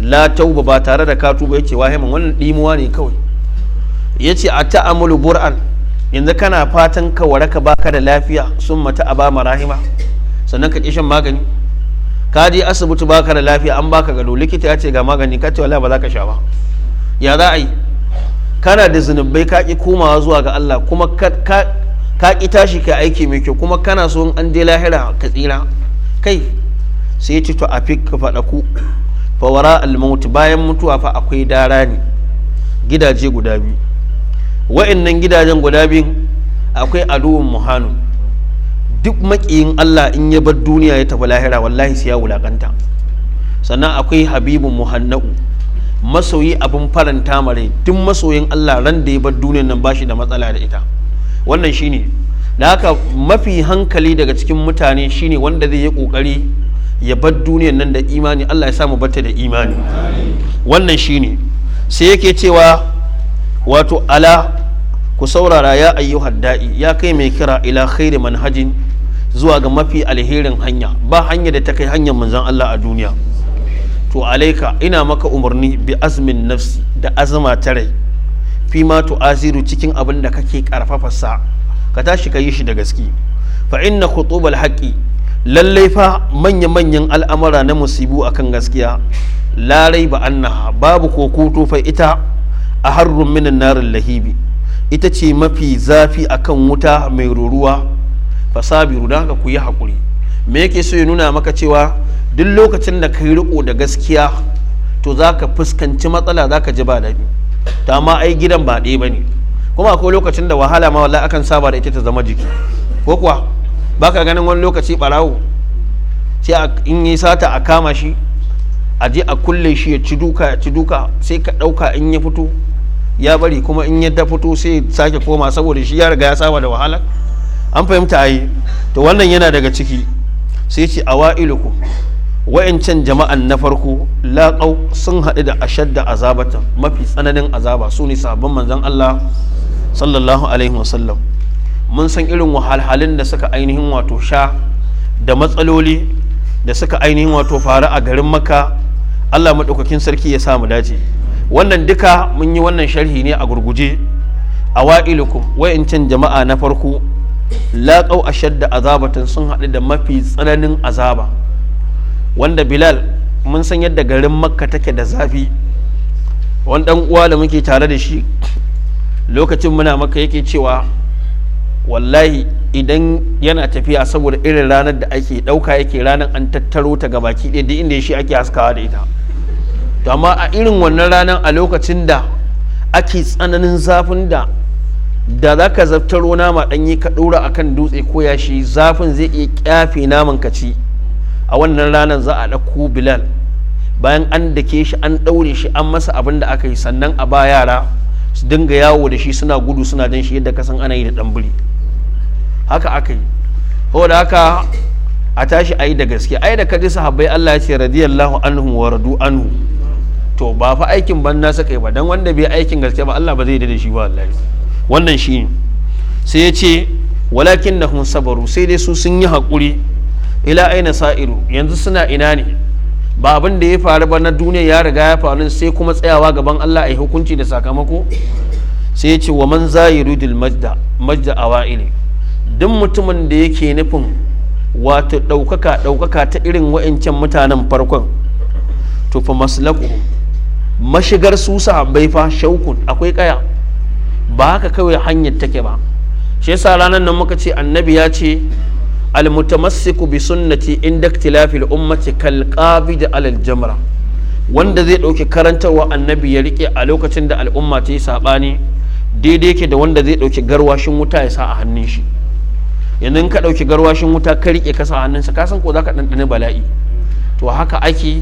la tauba ba tare da ka tuba yace wahiman wannan dimuwa ne kawai yace a ta'amulu bur'an yanzu kana fatan ka waraka baka da lafiya sun mata aba marahima sannan ka kishin magani ka je asibiti baka da lafiya an baka gado likita ya ce ga magani ka ce wallahi ba za ka sha ba ya za a yi kana da zunubai ka ƙi komawa zuwa ga Allah kuma ka ƙi tashi ka aiki mai kyau kuma kana so an je lahira ka tsira kai sai ya ce to a ka faɗa ku fawara bayan mutuwa fa akwai dara ne gidaje guda biyu wa'annan gidajen guda biyu akwai aduwun muhanu duk maƙiyin Allah in ya bar duniya ya tafi lahira wallahi sai ya wulakanta sannan akwai habibun muhanna'u masoyi abin faranta mare tun masoyin Allah ran da ya bar duniyar nan bashi da matsala da ita wannan shine da haka mafi hankali daga cikin mutane shine wanda zai yi kokari ya bar duniyar nan da imani Allah ya samu bata da imani wannan shine sai yake cewa wato ala ku saurara ya ayyu hadda'i ya kai mai kira ila khairi manhajin zuwa ga mafi alherin hanya ba hanya da ta kai hanyar manzon Allah a duniya to alaika ina maka umarni bi azmin nafsi da azama ta rai fi ma aziru cikin abin da kake karfafa sa ka tashi ka yi shi da gaske fa inna khutubal haqqi lallai fa manya manyan al'amara na musibu akan gaskiya larai ba annaha babu kuto fa ita a harrun minan narin lahibi ita ce mafi zafi akan wuta mai ruruwa sabiru don haka ku yi haƙuri me yake so ya nuna maka cewa duk lokacin da ka yi riko da gaskiya to za ka fuskanci matsala za ka ji ba da ta ma ai gidan ba ɗaya ba ne kuma akwai lokacin da wahala ma wallahi akan saba da ita ta zama jiki ko kuwa ba ka ganin wani lokaci ɓarawo sai in yi sata a kama shi a je a kulle shi ya ci duka ya ci duka sai ka ɗauka in ya fito ya bari kuma in ya fito sai sake koma saboda shi ya riga ya saba da wahala an fahimta a to wannan yana daga ciki sai ce awailukum wa'ancan jama'an na farko laƙau sun haɗu da ashadda azabatan mafi tsananin azaba su ne sabon manzan Allah sallallahu alaihi wasallam mun san irin wahalhalun da suka ainihin wato sha da matsaloli da suka ainihin wato faru a garin maka Allah maɗaukakin sarki ya samu dace wannan duka mun yi wannan sharhi ne a gurguje a wa'ilukum wa'ancan jama'a na farko laƙau ashadda azabatan sun haɗu da mafi tsananin azaba wanda bilal mun san yadda garin makka take da zafi wani dan uwa da muke tare da shi lokacin muna maka yake cewa wallahi idan yana tafiya saboda irin ranar da ake ɗauka yake ranar an tattaro ta gabaki ɗaya duk inda shi ake haskawa da ita to amma a irin wannan ranar a lokacin da ake tsananin zafin da da za ka zaftaro nama ɗanyi ka ɗora a kan dutse ko yashi zafin zai iya kyafe naman ka ci a wannan ranar za a ɗauko bilal bayan an dake shi an ɗaure shi an masa abin da aka yi sannan a ba yara su dinga yawo da shi suna gudu suna jan shi yadda kasan ana yi da ɗanbiri haka aka yi da haka a tashi a yi da gaske ai da ji sahabbai Allah ya ce radiyallahu anhu wa radu anhu to ba fa aikin banna suka yi ba dan wanda bai aikin gaske ba Allah ba zai da shi ba wallahi wannan shi sai ya ce walakin nahum sabaru sai dai su sun yi haƙuri ila aina sa'iru yanzu suna ina ne ba abin da ya faru ba na duniya ya riga ya faru sai kuma tsayawa gaban Allah a hukunci da sakamako sai ya ce wa man zayiru majda majda awaili duk mutumin da yake nufin wato ɗaukaka ɗaukaka ta irin wa'ancan mutanen farkon to fa maslaku mashigar su bai fa shaukun akwai kaya ba haka kawai hanyar take ba shi yasa ranar nan muka ce annabi ya ce almutamassiku bi sunnati inda ikhtilafil ummati kal qabid alal jamra wanda zai dauki karantarwa annabi ya rike a lokacin da al'umma ta yi sabani daidai yake da wanda zai ɗauki garwashin wuta ya sa a hannun shi yanzu ka ɗauki garwashin wuta ka rike ka sa hannunsa ka san ko zaka dandane bala'i to haka ake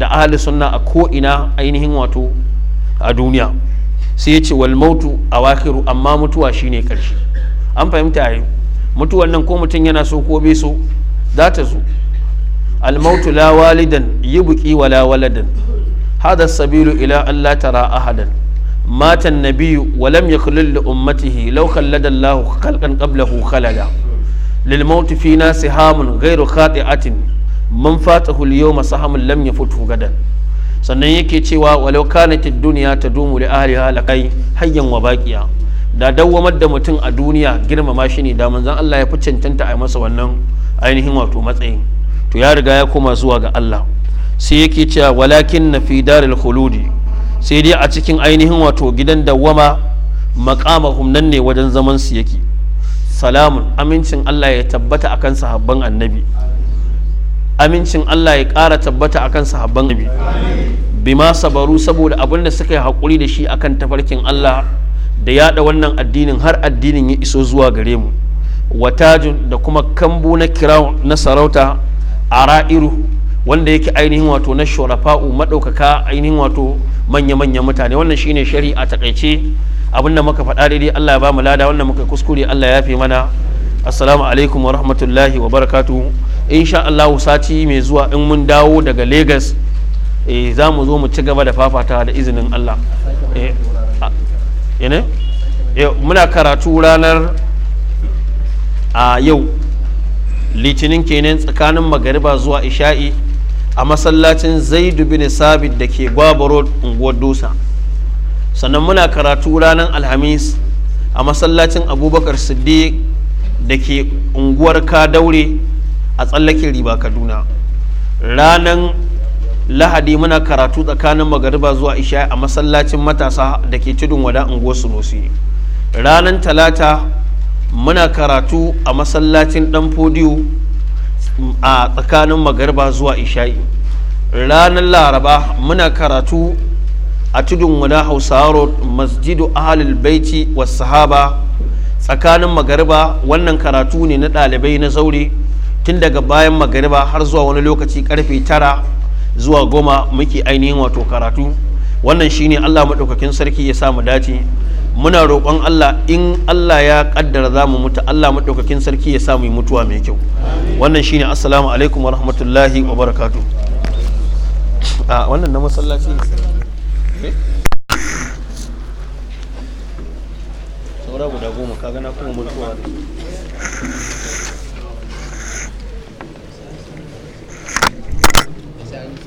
da ahli sunna a ko ina ainihin wato a duniya sai ya ce wal mautu awakiru amma mutuwa shine karshe an fahimta yayi mutuwan nan ko mutum yana so ko bai so za ta zo almautu la walidan waladan hada sabilu ila an tara ahadan mata النبي ولم يخلل لأمته لو خلد الله خلقا قبله خلدا للموت فينا سهام غير خاطئة من فاته اليوم سهم لم sannan yake cewa walau kanat ad-dunya tadumu li ahliha laqai hayyan wa baqiya da dawwamar da mutum a duniya girmama shi ne da manzan Allah ya fi cancanta a masa wannan ainihin wato matsayin to ya riga ya koma zuwa ga Allah sai yake cewa walakin na fi daril khuludi sai dai a cikin ainihin wato gidan dawwama maqamahum nan ne wajen zaman su yake salamun amincin Allah ya tabbata akan sahabban annabi amincin Allah ya ƙara tabbata akan sahabban annabi bima sabaru saboda abin da suka yi haƙuri da shi akan tafarkin Allah da yada wannan addinin har addinin ya iso zuwa gare mu watajun da kuma kambu na kira na sarauta a ra'iru wanda yake ainihin wato na shurafa'u maɗaukaka ainihin wato manya-manyan mutane wannan shine shari a takaice abin da muka faɗa daidai Allah ya ba mu lada wannan muka kuskure Allah ya fi mana assalamu alaikum wa rahmatullahi wa barakatu insha Allah sati mai zuwa in mun dawo daga Lagos eh, za mu zo mu ci gaba da fafata da izinin Allah eh, ne muna karatu ranar a yau litinin kenan tsakanin magariba zuwa isha'i a masallacin zaidu bin sabit da ke gwabaro unguwar dusa sannan muna karatu ranar alhamis a masallacin abubakar siddiq da ke unguwar kadaure a tsallakin riba kaduna ranar lahadi muna karatu tsakanin magariba zuwa isha a masallacin matasa da ke tudun wada unguwar sunusi ranar talata muna karatu a masallacin dan fodiyo mm, a tsakanin magariba zuwa isha'i ranar laraba muna karatu a tudun wada hausawa road masjidu ahalil baiti was sahaba tsakanin magariba wannan karatu ne na ɗalibai na zaure tun daga bayan magariba har zuwa wani lokaci karfe tara zuwa goma muke ainihin wato karatu wannan shine Allah maɗaukakin sarki ya samu dace muna roƙon Allah in Allah ya ƙaddara za mu mutu Allah maɗaukakin sarki ya samu mutuwa mai kyau wannan shine assalamu alaikum wa rahmatullahi wa barakatu a wannan na masallaci eh? saura guda goma kuma mutuwa ne